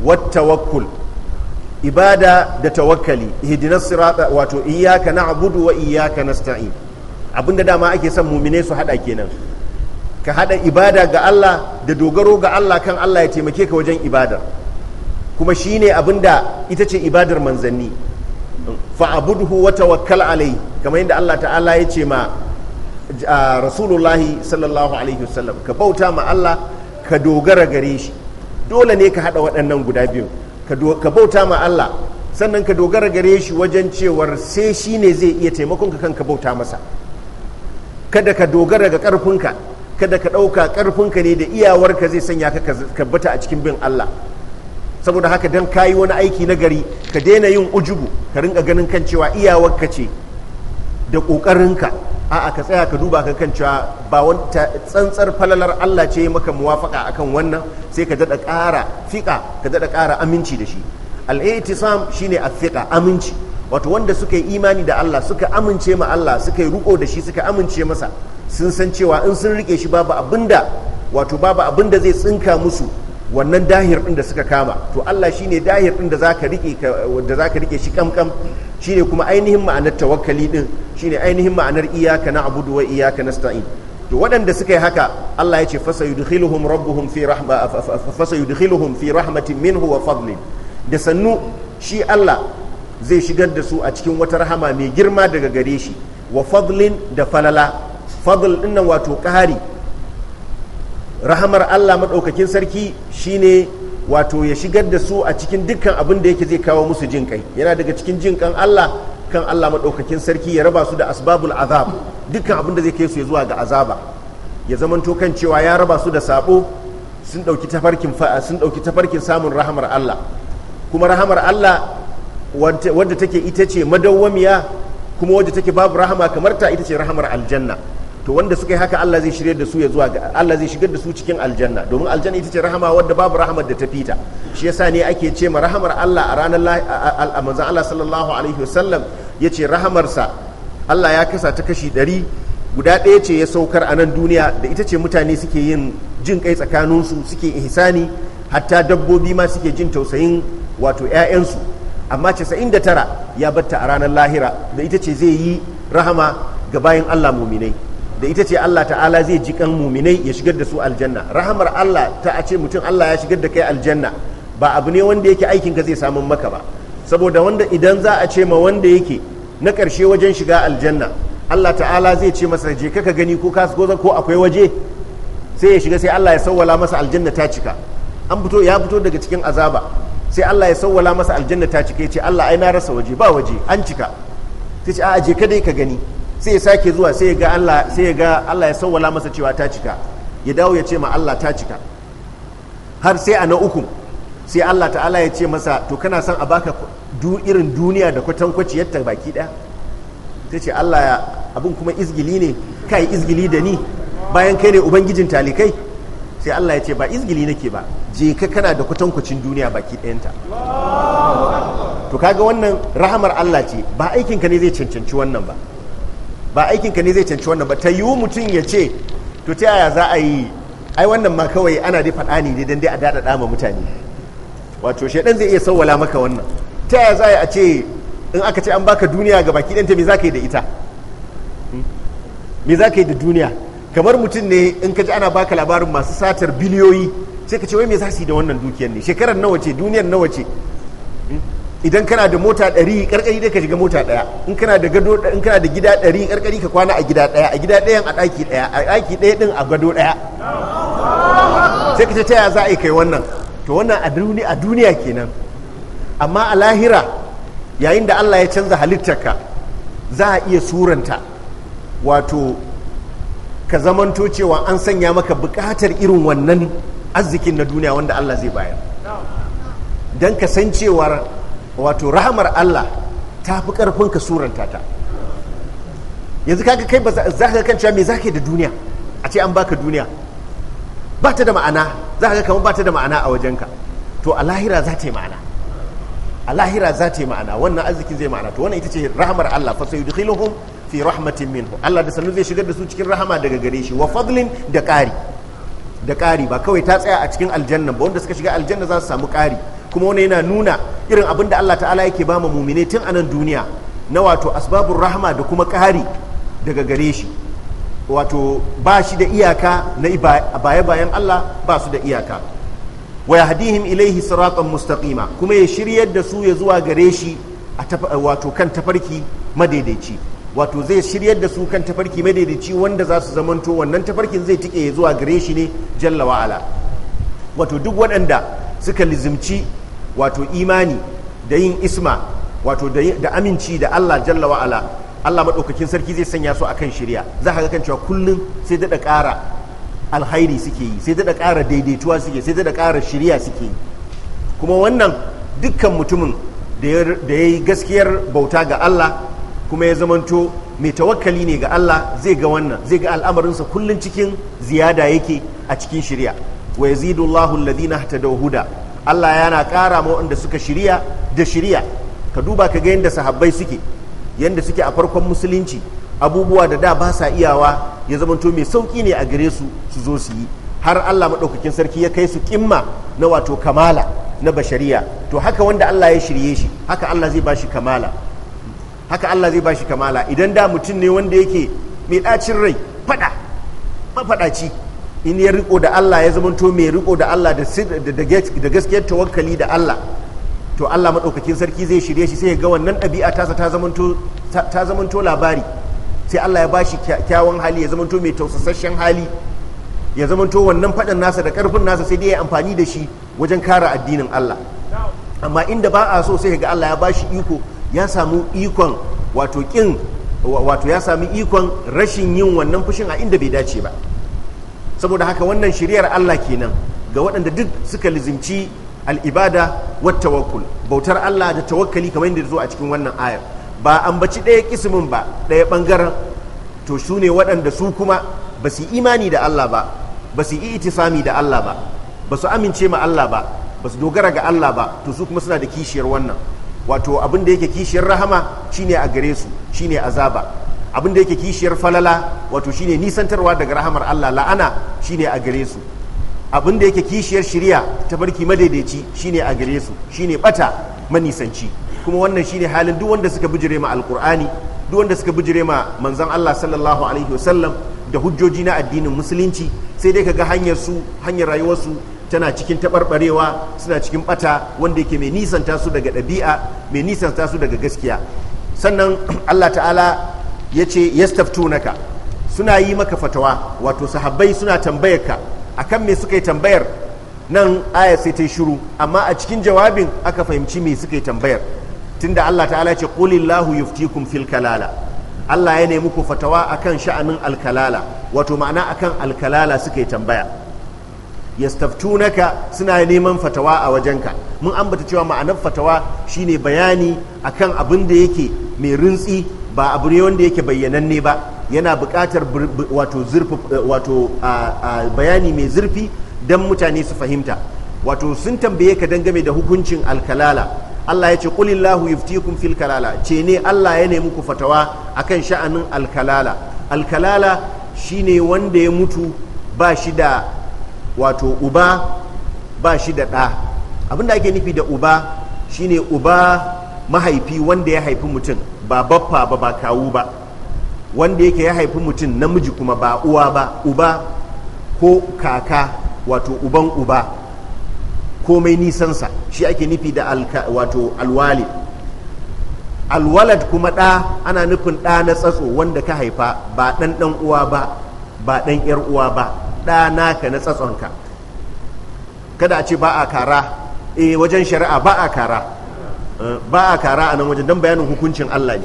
wa wakul ibada da tawakkali ihdinas sirata wato iyyaka na'budu wa iyyaka nasta'in abinda dama ake son mumine su hada kenan ka hada ibada ga Allah da dogaro ga Allah kan Allah ya taimake ka wajen ibadar kuma shine abinda ita ce ibadar manzanni fa'budhu wa tawakkal alayhi kamar yadda Allah ta'ala ya ce ma rasulullahi sallallahu alaihi wasallam ka bauta ma Allah ka dogara gare shi dole ne ka hada waɗannan guda biyu ka bauta ma Allah sannan ka dogara gare shi wajen cewar sai shi ne zai iya taimakon ka kan ka bauta masa kada ka dogara ga ƙarfinka kada ka ɗauka ƙarfinka ne da iyawarka zai sanya ka bata a cikin bin Allah saboda haka dan kayi wani aiki na gari ka daina yin ujubu ka rinka ganin kan cewa iyawarka ce da ƙoƙarinka 'a ka tsaya ka duba ka kan cewa ba tsantsar falalar Allah ce maka muwafaka akan wannan sai ka daɗa ƙara fiƙa ka daɗa ƙara aminci da shi shi ne a fiƙa aminci wato wanda suka yi imani da Allah suka amince ma Allah suka yi ruko da shi suka amince masa sun san cewa in sun rike shi babu abinda wato babu abinda zai tsinka musu wannan dahir ɗin da suka kama to Allah shine dahir ɗin da zaka rike rike shi kamkam shine kuma ainihin ma'anar tawakkali ɗin shine ainihin ma'anar na abudu wa na stain to waɗanda suka yi haka Allah ya ce fasayudkhiluhum rabbuhum fi fi rahmatin minhu wa fadlin da sannu shi Allah zai shigar da su a cikin wata rahama mai girma daga gare shi wa fadlin da falala fadl ɗin nan wato ƙari rahamar Allah maɗaukakin sarki shine wato ya shigar da su a cikin dukkan abin da yake zai kawo musu jin kai yana daga cikin jin kan Allah kan Allah maɗaukakin sarki ya raba su da asbabul azab dukkan abin da zai kai su ya zuwa ga azaba ya zamanto kan cewa ya raba su da sabo sun ɗauki tafarkin sun ɗauki tafarkin samun rahamar Allah kuma rahamar Allah wadda take ita ce madawwamiya kuma wadda take babu rahama kamar ta ita ce rahamar aljanna to wanda suka yi haka Allah zai shirye da su ya zuwa ga Allah zai shigar da su cikin aljanna domin aljanna ita ce rahama wadda babu rahamar da ta fita shi yasa ne ake ce ma rahamar Allah a ranar manzo Allah sallallahu alaihi wasallam yace rahamarsa Allah ya kasa ta kashi ɗari guda ɗaya ce ya saukar a nan duniya da ita ce mutane suke yin jin kai tsakanin su suke ihsani hatta dabbobi ma suke jin tausayin wato 'ya'yansu amma 99 ya batta a ranar lahira da ita ce zai yi rahama ga bayan Allah muminai da ita ce Allah ta'ala zai ji kan muminai ya shigar da su aljanna rahamar Allah ta a ce mutum Allah ya shigar da kai aljanna ba abu ne wanda yake aikin ka zai samu maka ba saboda wanda idan za a ce ma wanda yake na karshe wajen shiga aljanna Allah ta'ala zai ce masa je kaka gani ko ka ko akwai waje sai ya shiga sai Allah ya sawwala masa aljanna ta cika an fito ya fito daga cikin azaba sai Allah ya sawwala masa aljanna ta cika ya ce Allah ai na rasa waje ba waje an cika sai ce a'a je ka dai ka gani sai ya sake zuwa sai ya ga Allah sai ya ga Allah ya sawwala masa cewa ta cika ya dawo ya ce ma Allah ta cika har sai a na uku sai Allah ta'ala ya ce masa to kana son a baka du irin duniya da kwatankwaciyar baki daya ta ce Allah ya abun kuma izgili ne ka izgili da ni bayan kai ne ubangijin talikai sai Allah ya ce ba izgili nake ba je ka kana da kwatankwacin duniya baki ta to kaga wannan rahamar Allah ce ba aikinka ne zai cancanci wannan ba ba aikinka ne zai canci wannan ba ta yiwu mutum ya ce to ta yaya za a yi ai wannan ma kawai ana dai faɗa ne dan dai a daɗa ma mutane wato shaidan zai iya sawwala maka wannan ta yaya za a ce in aka ce an baka duniya ga baki ɗanta me za ka yi da ita hmm? me za ka yi da duniya kamar mutum ne in ka ji ana baka labarin masu satar biliyoyi sai ka ce wai me za su yi da wannan dukiyar ne shekarar nawa ce duniyar nawa ce hmm? idan kana da mota ɗari ƙarƙari dai ka shiga mota ɗaya in kana da gado in kana da gida ɗari ƙarƙari ka kwana a gida ɗaya a gida ɗayan a ɗaki ɗaya a ɗaki ɗaya ɗin a gado ɗaya sai ka ce taya za a yi kai wannan to wannan a duniya kenan amma a lahira yayin da Allah ya canza halittarka za a iya suranta wato ka zamanto cewa an sanya maka buƙatar irin wannan arzikin na duniya wanda Allah zai bayar dan ka san cewar wato rahamar Allah ta fi karfin ka suranta ta yanzu kaga kai ba za ka kan cewa me za ka yi da duniya a ce an baka duniya ba ta da ma'ana za ka kamar ba ta da ma'ana a wajenka to a lahira za ta yi ma'ana a lahira za ta yi ma'ana wannan arzikin zai ma'ana to wannan ita ce rahamar Allah fa sai yudkhiluhum fi rahmatin minhu Allah da sanu zai shigar da su cikin rahama daga gare shi wa fadlin da ƙari da ƙari ba kawai ta tsaya a cikin aljanna ba wanda suka shiga aljanna za su samu ƙari kuma wani yana nuna irin abin da Allah ta'ala yake ba mu mumine tun a nan duniya na wato asbabun rahama da kuma ƙari daga gare shi wato ba shi da iyaka na baya bayan Allah ba su da iyaka waya hadihim ilaihi siratan mustaqima kuma ya shiryar da su ya zuwa gare shi a wato kan tafarki madaidaici wato zai shiryar da su kan tafarki madaidaici wanda za su zamanto wannan tafarkin zai tike ya zuwa gare shi ne jalla wa'ala wato duk waɗanda suka lizimci wato imani da yin isma wato da aminci da Allah jalla wa'ala Allah maɗaukakin sarki zai sanya su akan shirya za ka ga kan cewa kullum sai daɗa ƙara alhairi suke yi sai daɗa ƙara daidaituwa suke sai daɗa ƙara shirya suke yi kuma wannan dukkan mutumin da ya yi gaskiyar bauta ga Allah kuma ya zamanto mai tawakkali ne ga Allah zai ga wannan zai ga al'amarinsa kullum cikin ziyada yake a cikin shirya wa yazidu Allahu alladhina ihtadaw huda Allah yana ƙara ma waɗanda suka shirya da shirya ka duba ka ga yadda sahabbai suke yadda suke a farkon musulunci abubuwa da da ba sa iyawa ya zamanto mai sauki ne a gare su su zo su yi har Allah maɗaukakin sarki ya kai su kimma na wato kamala na bashariya to haka wanda Allah ya shirye shi haka Allah zai bashi kamala haka Allah zai bashi kamala idan da mutum ne wanda yake mai ɗacin rai fada mafaɗaci in ya riko da Allah ya zamanto mai riko da Allah da gaskiyar tawakkali da Allah to Allah maɗaukakin sarki zai shirye shi sai ya ga wannan ɗabi'a tasa ta zamanto labari sai Allah ya bashi kyawun hali ya zamanto mai tausasasshen hali ya zamanto wannan faɗin nasa da ƙarfin nasa sai dai ya amfani da shi wajen kara addinin Allah amma inda ba a so sai ga Allah ya bashi iko ya samu ikon wato kin wato ya sami ikon rashin yin wannan fushin a inda bai dace ba saboda haka wannan shiriyar Allah kenan ga waɗanda duk suka lizimci al'ibada wa tawakkul bautar Allah da tawakkali kamar yadda zo a cikin wannan ayar ba an baci ɗaya kismin ba ɗaya ɓangaren to su ne waɗanda su kuma ba su imani da Allah ba ba su yi itisami da Allah ba ba su amince ma Allah ba ba su dogara ga Allah ba to su kuma suna da kishiyar wannan wato abin da yake kishiyar rahama shine a gare su shine azaba abin da yake kishiyar falala wato shine nisantarwa daga rahamar Allah la'ana shine a gare su abin da yake kishiyar ta barki madaidaici shine a gare su shine bata manisanci kuma wannan shine halin duk wanda suka bijire ma alkur'ani duk wanda suka bijire ma manzon Allah sallallahu alaihi wasallam da hujjoji na addinin musulunci sai dai kaga hanyar su hanyar rayuwar su tana cikin taɓarɓarewa suna cikin bata wanda yake mai nisanta su daga ɗabi'a mai nisanta su daga gaskiya sannan Allah ta'ala ya yace yastaftunaka suna yi maka fatawa wato sahabbai suna tambayar ka akan me suka yi tambayar nan aya sai ta shiru amma a cikin jawabin aka fahimci me suka yi tambayar tunda Allah ta'ala ya ce qulillahu yuftikum fil kalala Allah ya nemi ku fatawa akan sha'anin alkalala wato ma'ana akan alkalala suka yi tambaya yastaftunaka suna neman fatawa a wajenka mun ambata cewa ma'anar fatawa shine bayani akan abin da yake mai rintsi ba abu ne wanda yake bayyananne ba yana bukatar wato eh, wato bayani mai zurfi don mutane su fahimta wato sun tambaye ka game da hukuncin alkalala Allah ya ce kulillahu yuftikum fil kalala ce ne Allah ya nemi ku fatawa akan sha'anin alkalala alkalala shine wanda ya mutu ba shi da wato uba ba shi da ɗa abinda ake nufi da uba shine uba mahaifi wanda ya haifi mutum ba baffa ba ba kawu ba wanda yake ya haifi mutum namiji kuma ba uwa ba uba ko kaka wato uban uba komai nisansa shi ake nufi da wato alwali alwalad kuma ɗa ana nufin ɗa na tsatso wanda ka haifa ba ɗan ɗan uwa ba ba ɗan ƴar uwa ba ɗa naka na tsatsonka kada a ce ba a kara eh wajen shari'a ba a kara ba a kara a nan wajen don bayanin hukuncin Allah ne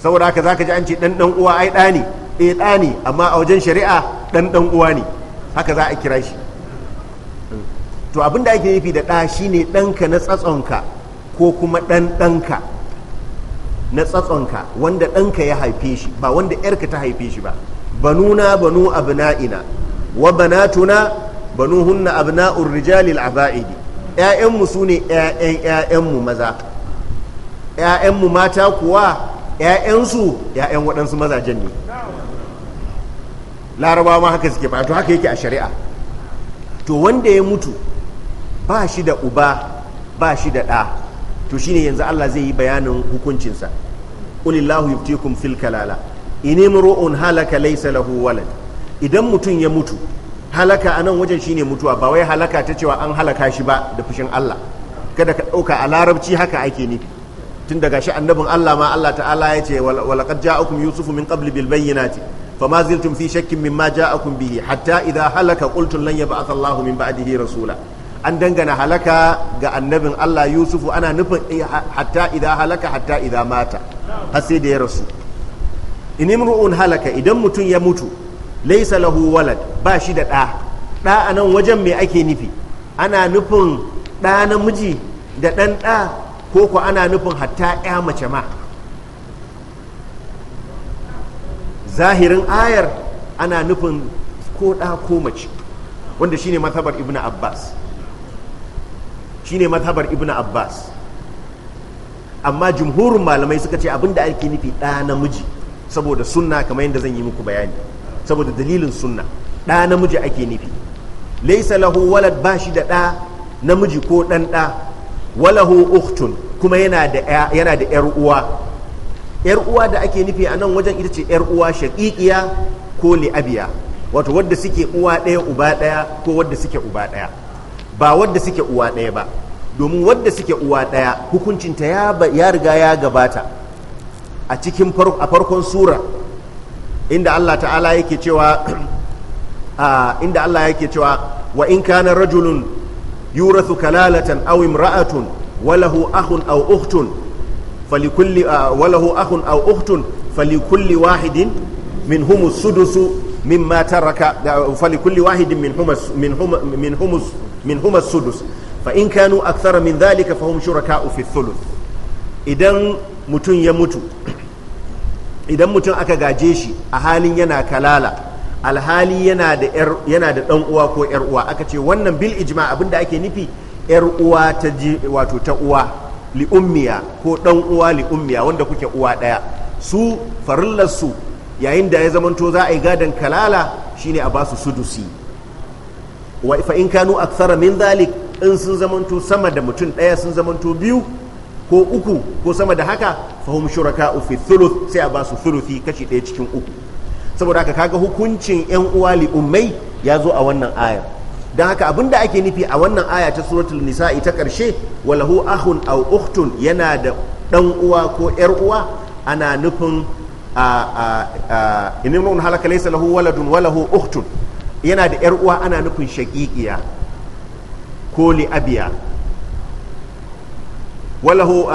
saboda haka zaka ji an ce dan uwa ai ɗa ne eh ɗa ne amma a wajen shari'a dan uwa ne haka za a kira shi to abin da ake nufi da ɗa shine ɗanka na tsatsonka ko kuma ɗan ɗanka na tsatsonka wanda ɗanka ya haife shi ba wanda ‘yarka ta haife shi ba banuna banu abna'ina wa banatuna banuhunna abna'ur rijalil aba'idi 'ya'yanmu su ne 'ya'yan 'ya'yanmu maza 'ya'yanmu mata kuwa 'ya'yansu 'ya'yan waɗansu mazajen ne larabawa ma haka suke to haka yake a shari'a to wanda ya mutu ba shi da uba ba shi da ɗa to shine yanzu Allah zai yi bayanin hukuncinsa ulillahu yuftikum fil kalala inimru'un halaka laysa lahu walad idan mutum ya mutu halaka a nan wajen shine mutuwa ba wai halaka ta cewa an halaka shi ba da fushin Allah kada ka ɗauka a larabci haka ake nufi tun daga shi annabin Allah ma Allah ta'ala ya ce walaqad ja'akum yusufu min qabli bil bayyinati fama ziltum fi shakkin mimma ja'akum bihi hatta idha halaka qultum lan yab'ath Allahu min ba'dihi rasula an dangana halaka ga annabin Allah Yusufu ana nufin eh, hatta idha halaka hatta idha mata har sai da ya rasu in imru'un halaka idan mutum ya mutu laysa lahu walad ba shi da ɗa ɗa a nan wajen mai ake nufi ana nufin ɗa namiji da ɗan ɗa ko ko ana nufin hatta 'ya mace ma zahirin ayar ana nufin ko ɗa ko mace wanda shine mazhabar ibn abbas shine mazhabar ibn abbas amma jumhurin malamai suka ce abinda ake nufi ɗa namiji saboda sunna kamar yadda zan yi muku bayani saboda dalilin sunna ɗa namiji ake nufi laisa lahu walad ba shi da ɗa namiji ko ɗan ɗa walahu uktun kuma yana da ‘yar uwa ‘yar uwa da ake nufi a nan wajen ita ce ‘yar uwa shaƙiƙiya ko li'abiya wato wadda suke uwa ɗaya uba ɗaya ko wadda suke uba ɗaya ba wadda suke uwa ɗaya ba domin wadda suke uwa ɗaya hukuncinta ya riga ya gabata a cikin a farkon sura inda Allah ta'ala yake cewa inda Allah yake cewa wa in kana rajulun yurathu kalalatan aw imra'atun walahu akhun aw ukhtun falikulli walahu aw ukhtun falikulli wahidin minhum sudusu mimma taraka falikulli wahidin minhum minhum sudus fa in kanu akthara min dhalika fahum shuraka'u fi thuluth idan mutun ya mutu idan mutum aka gaje shi a halin yana kalala alhali yana da ɗan uwa ko yar uwa aka ce wannan bil ijma da ake nufi yar uwa ta wato ta uwa li ummiya ko ɗan uwa li ummiya wanda kuke uwa daya su farillar yayin da ya zamanto za a yi gadon kalala shine a basu sudusi wa fa in kanu akthara min in sun zamanto sama da mutum daya sun zamanto biyu ko uku ko sama da haka fahim shuraka fi thuluth sai a basu thuluthi kashi daya cikin uku saboda haka kaga hukuncin yan uwa li ummai ya zo a wannan aya. don haka abinda ake nufi a wannan aya ta suratul nisa'i ta karshe walahu ahun aw ukhtun yana da dan uwa ko yar uwa ana nufin in halaka laysa lahu waladun walahu ukhtun yana da yar uwa ana nufin shaqiqiya ko li abiya walahu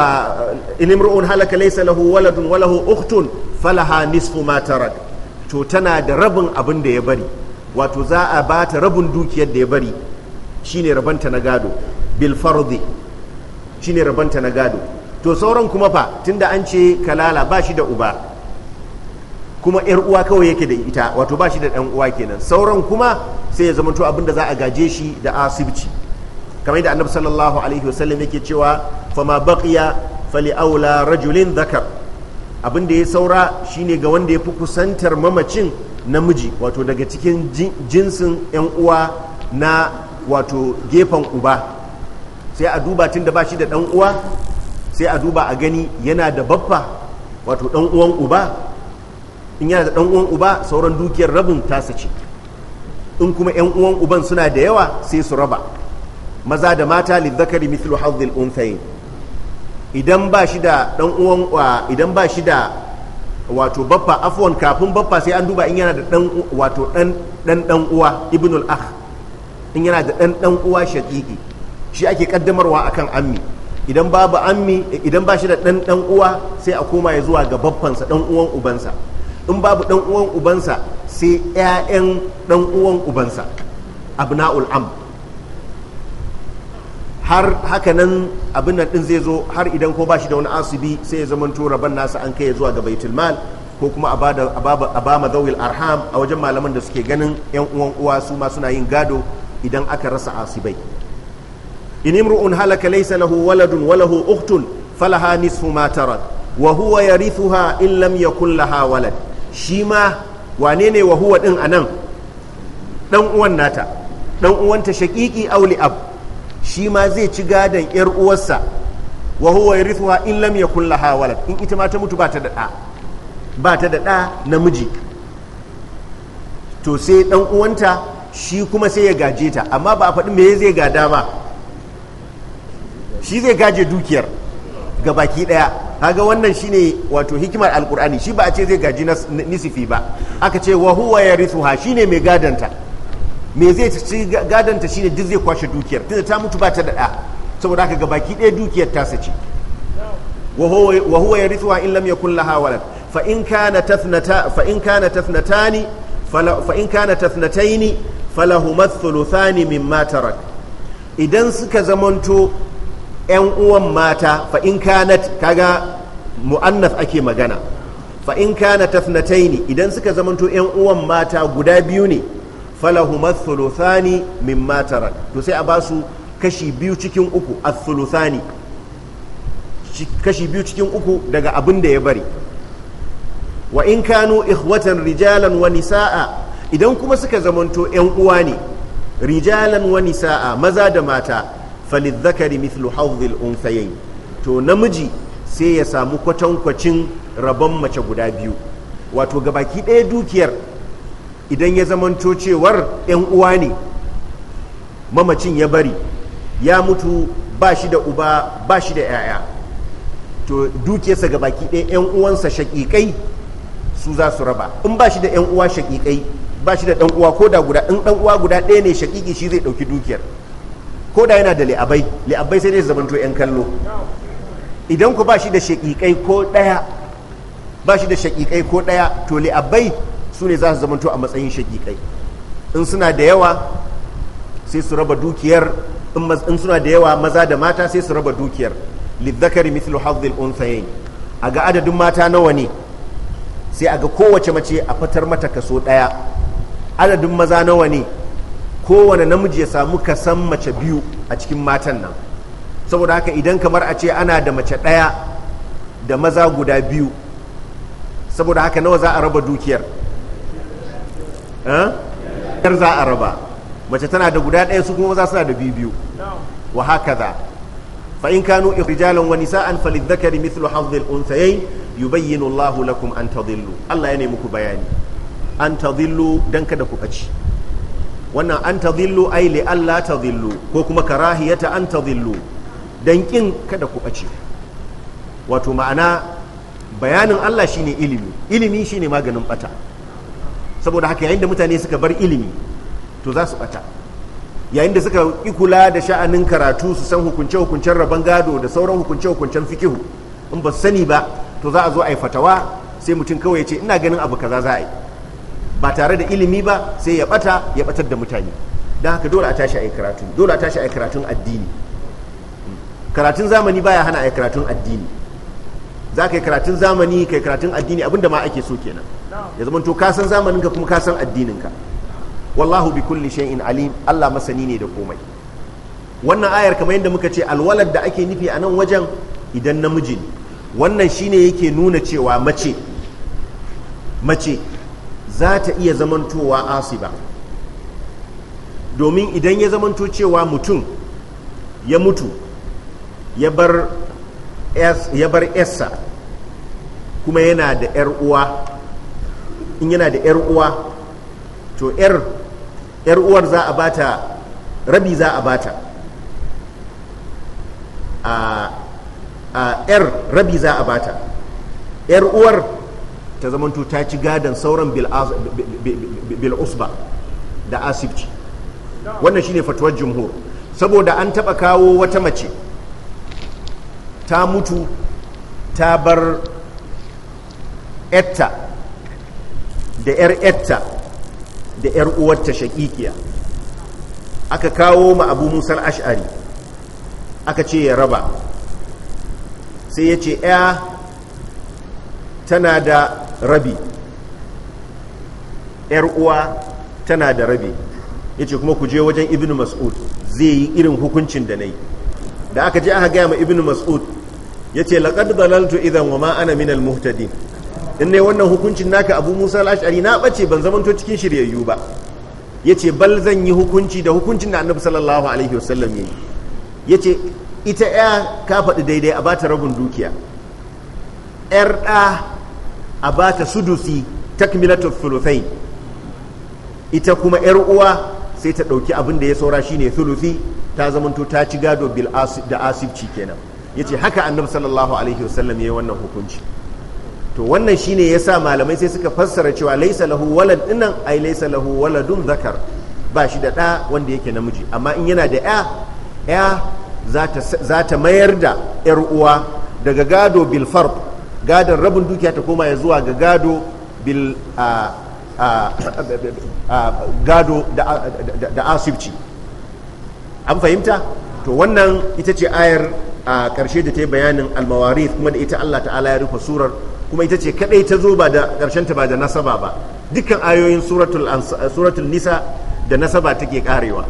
halaka laysa lahu waladun walahu ukhtun falaha nisfu ma tarak to tana da rabin abin da ya bari wato za a ba ta rabin dukiyar da ya bari shine rabanta na gado bil fardi shine rabanta na gado to sauran kuma fa tunda an ce kalala ba shi da uba kuma yar uwa kawai yake da ita wato ba shi da dan uwa kenan sauran kuma sai ya zama to abin da za a gaje shi da asibci kamar da annabi sallallahu alaihi wasallam yake cewa fama baqiya fali aula rajulin dhakar abin da ya saura shine ga wanda ya fi kusantar mamacin namiji wato daga cikin jinsin 'yan uwa na wato gefen uba sai a duba tun da ba shi da ɗan uwa sai a duba a gani yana da babba wato ɗan uwan uba in yana da ɗan uwan uba sauran dukiyar rabin tasa ce in kuma 'yan uwan uban suna da yawa sai su raba maza da mata lizzakari mithlu hazzil unthayin idan ba shi da dan uwan idan ba shi da wato baffa afwan kafin baffa sai an duba in yana da dan wato dan dan dan uwa ibnul akh in yana da dan dan uwa shaqiqi shi ake kaddamarwa akan ammi idan babu ammi idan ba shi da dan dan uwa sai a koma ya zuwa ga baffansa dan uwan ubansa in babu dan uwan ubansa sai ƴaƴan dan uwan ubansa abna'ul am har hakanan abin nan din zai zo har idan ko bashi da wani asibi sai ya zamanto rabon nasa an kai zuwa ga baitul mal ko kuma a ba mazawil arham a wajen malaman da suke ganin yan uwan uwa su ma suna yin gado idan aka rasa asibai in imru'un halaka laysa lahu waladun wa lahu ukhtun falaha nisfu ma tarak wa huwa yarithuha in lam yakul laha walad shi ma wane ne wa huwa din anan dan uwan nata dan uwanta shaqiqi auli ab shi ma zai ci gadon yar uwarsa wa huwa yarithuha in lam yakun laha walad in ita ma ta mutu ba ta da ɗa ba ta da ɗa namiji to sai dan uwanta shi kuma sai ya gaje ta amma ba a faɗi me zai gada ba shi zai gaje dukiyar ga baki ɗaya kaga wannan shine wato hikimar alkur'ani shi ba a ce zai gaji nisifi ba aka ce wa huwa yarithuha shine mai gadanta me zai ta ci shi shine duk zai kwashe dukiyar tunda ta mutu ba ta da saboda haka gabaki ɗaya dukiyar ta sace wa huwa yarithuha in lam yakun laha walad fa in kana tathnata fa in kana tathnatani fa in kana tathnataini falahuma thuluthani mimma tarak idan suka zamanto yan uwan mata fa in kanat kaga mu'annath ake magana fa in kana tathnataini idan suka zamanto yan uwan mata guda biyu ne falahuma thuluthani mimma tarak to sai a ba su kashi biyu cikin uku athuluthani kashi biyu cikin uku daga abin da ya bari wa in kanu ikhwatan rijalan wa nisa'a idan kuma suka zamanto yan uwa ne rijalan wa nisa'a maza da mata falizzakari mithlu hawdhil unthayayn to namiji sai ya samu kwatankwacin rabon mace guda biyu wato gabaki ɗaya dukiyar idan ya zamanto cewar 'yan uwa ne mamacin ya bari ya mutu ba shi da uba ba shi da 'ya'ya to dukiyarsa ga baki ɗaya 'yan uwansa shaƙiƙai su za su raba in ba shi da 'yan uwa shaƙiƙai ba shi da ɗan uwa ko da guda in ɗan uwa guda ɗaya ne shaƙiƙi shi zai ɗauki dukiyar ko da yana da li'abai li'abai sai dai zamanto 'yan kallo idan ku ba shi da shaƙiƙai ko ɗaya ba shi da shaƙiƙai ko ɗaya to li'abai su ne za su zamanto a matsayin shakikai in suna da yawa sai su raba dukiyar in suna da yawa maza da mata sai su raba dukiyar lidzakari mithlu hazzil unsayayn a ga adadin mata nawa ne sai a ga kowace mace a fatar mata kaso ɗaya adadin maza nawa ne kowane namiji ya samu kasan mace biyu a cikin matan nan saboda haka idan kamar a ce ana da mace ɗaya da maza guda biyu saboda haka nawa za a raba dukiyar Eh? yar za a raba mace tana da guda ɗaya su kuma za suna da biyu biyu wa hakaza fa in kanu rijalan wa nisa'an falidhakari mithlu hadhil unthayayn yubayyinu Allahu lakum an tadhillu Allah ya nemi ku bayani an tadhillu dan kada ku ɓaci wannan an tadhillu ai li Allah tadhillu ko kuma karahiyata an tadhillu dan kin kada ku ɓace wato ma'ana bayanin Allah shine ilimi ilimi shine maganin bata saboda haka yayin da mutane suka bar ilimi to za su bata yayin da suka yi kula da sha'anin karatu su san hukunce-hukuncen rabon gado da sauran hukunce-hukuncen fikihu in ba su sani ba to za a zo a yi fatawa sai mutum kawai ce ina ganin abu kaza za a yi ba tare da ilimi ba sai ya bata ya batar da mutane don haka dole a tashi a yi karatu dole a tashi a yi karatun addini karatun zamani baya hana a yi karatun addini za ka yi karatun zamani ka yi karatun addini abinda ma ake so kenan ya zama to kasan zamanin ka kuma kasan addinin ka wallahu bi kulli shay'in alim Allah masani ne da komai wannan ayar kamar yadda muka ce alwalad da ake nufi a nan wajen idan namiji wannan shine yake nuna cewa mace mace za ta iya zamantowa asiba domin idan ya zamanto cewa mutum ya mutu ya bar ya bar yarsa kuma yana da yar uwa in yana da yar uwa to yar uwar za a bata rabi za a bata a yar rabi za a bata yar uwar ta zamanto ta ci gadon sauran bil'usba da asibci wannan shine fatuwar jumhur saboda an taba kawo wata mace ta mutu ta bar etta da 'yar etta da 'yar uwarta shakikiya aka kawo ma abu musar ash'ari aka ce ya raba sai ya ce 'ya tana da rabi 'yar uwa tana da rabi ya ce kuma kuje wajen ibn mas'ud zai yi irin hukuncin da na yi da aka je aka gaya ma ibn mas'ud yace laqad dalaltu idan wa ma'ana ana minal muhtadi in ne wannan hukuncin naka Abu Musa alashari na bace ban zamanto cikin shiryayyu ba yace bal zan yi hukunci da hukuncin da Annabi sallallahu alaihi wasallam yayi yace ita ya ka faɗi daidai a bata rabin dukiya yar ɗa a bata sudusi takmilatul filofai ita kuma yar uwa sai ta ɗauki abin da ya saura shi ne filofi ta zamanto ta ci gado da asibci kenan Ya ce haka annabi sallallahu alaihi wasallam yi wannan hukunci to wannan shine sa malamai sai suka fassara cewa laisa lahu walad dinnan ai laisa lahu waladun zakar ba shi da ɗa wanda yake namiji amma in yana da ya ya za ta mayar da yar uwa daga gado bil gadon rabin dukiya ta koma ya zuwa ga gado gado da asibci an fahimta to wannan ita ce ayar a ƙarshe da ta yi bayanin almawari, kuma da ita Allah ta'ala ya rufe surar kuma ita ce kadai ta zo ba da ƙarshen ta ba da nasaba ba dukkan ayoyin suratul nisa da nasaba take ƙarewa.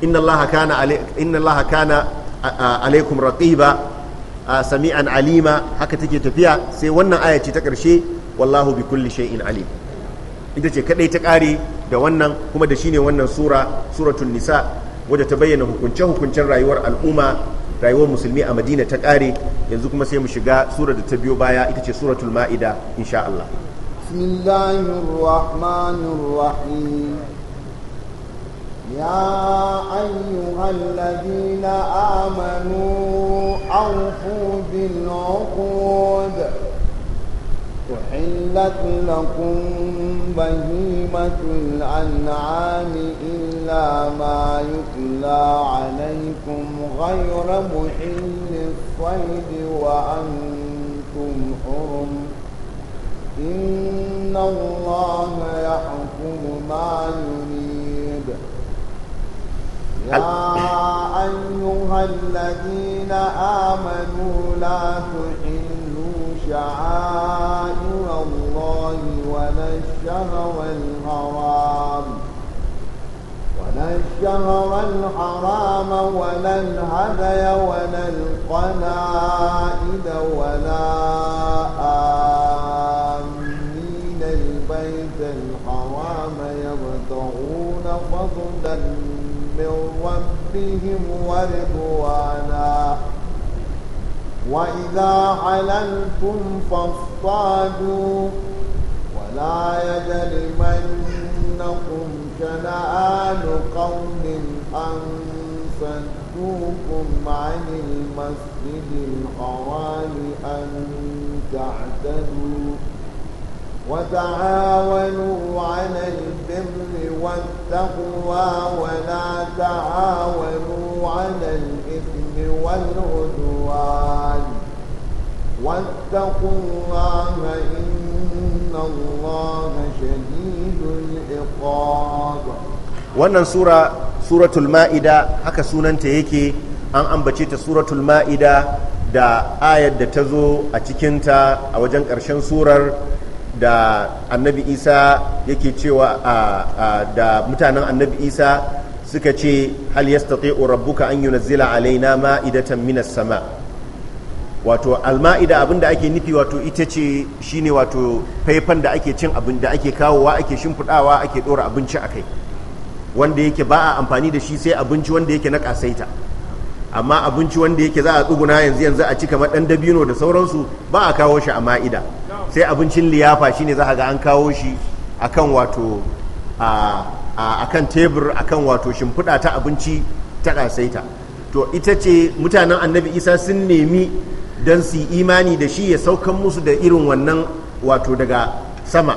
inna allaha kana inna allaha ba alaikum raqiba sami'an alima haka take tafiya sai wannan aya ce ta ƙarshe wallahu bi kulli shay'in alim ita ce kadai ta ƙare da wannan kuma da shine wannan sura suratul nisa wadda ta bayyana hukunce hukuncen rayuwar al'umma rayuwar musulmi a madina ta kare yanzu kuma sai mu shiga surar da ta biyo baya ita ce suratul ma'ida insha Allah ya rahmanir rahim يا أيها الذين آمنوا أحلت لكم بهيمة الأنعام إلا ما يتلى عليكم غير محل الصيد وأنتم حرم إن الله يحكم ما يريد يا أيها الذين آمنوا لا تحلوا شعائر الله ولا الشهر الحرام ولا الشهر الحرام ولا الهدي ولا القنائد ولا آمين البيت الحرام يبتغون فضلا من ربهم ورضوانا وإذا حللتم فاصطادوا ولا يجرمنكم شنآن قوم أن صدوكم عن المسجد الحرام أن تعتدوا وتعاونوا على البر والتقوى ولا تعاونوا على الإثم والعدوان واتقوا الله إن الله شديد العقاب wannan sura suratul ma'ida haka sunanta yake an ambace ta suratul ma'ida da ayar da ta zo a cikinta a wajen ƙarshen surar da annabi isa yake cewa da mutanen annabi isa suka ce hal yastati'u rabbuka an yunazzila alaina ma'idatan minas sama wato alma'ida abinda ake nufi wato ita ce shine wato faifan da ake cin abin da ake kawowa ake shimfiɗawa ake ɗora abinci a kai wanda yake ba a amfani da shi sai abinci wanda yake na kasaita amma abinci wanda yake za a tsuguna yanzu yanzu a ci kamar ɗan dabino da sauransu ba a kawo shi a ma'ida sai abincin liyafa shine za a ga an kawo shi akan wato a kan tebur akan wato shimfiɗa ta abinci ta ƙasaita to ita ce mutanen annabi isa sun nemi don su yi imani da shi ya saukan musu da irin wannan wato daga sama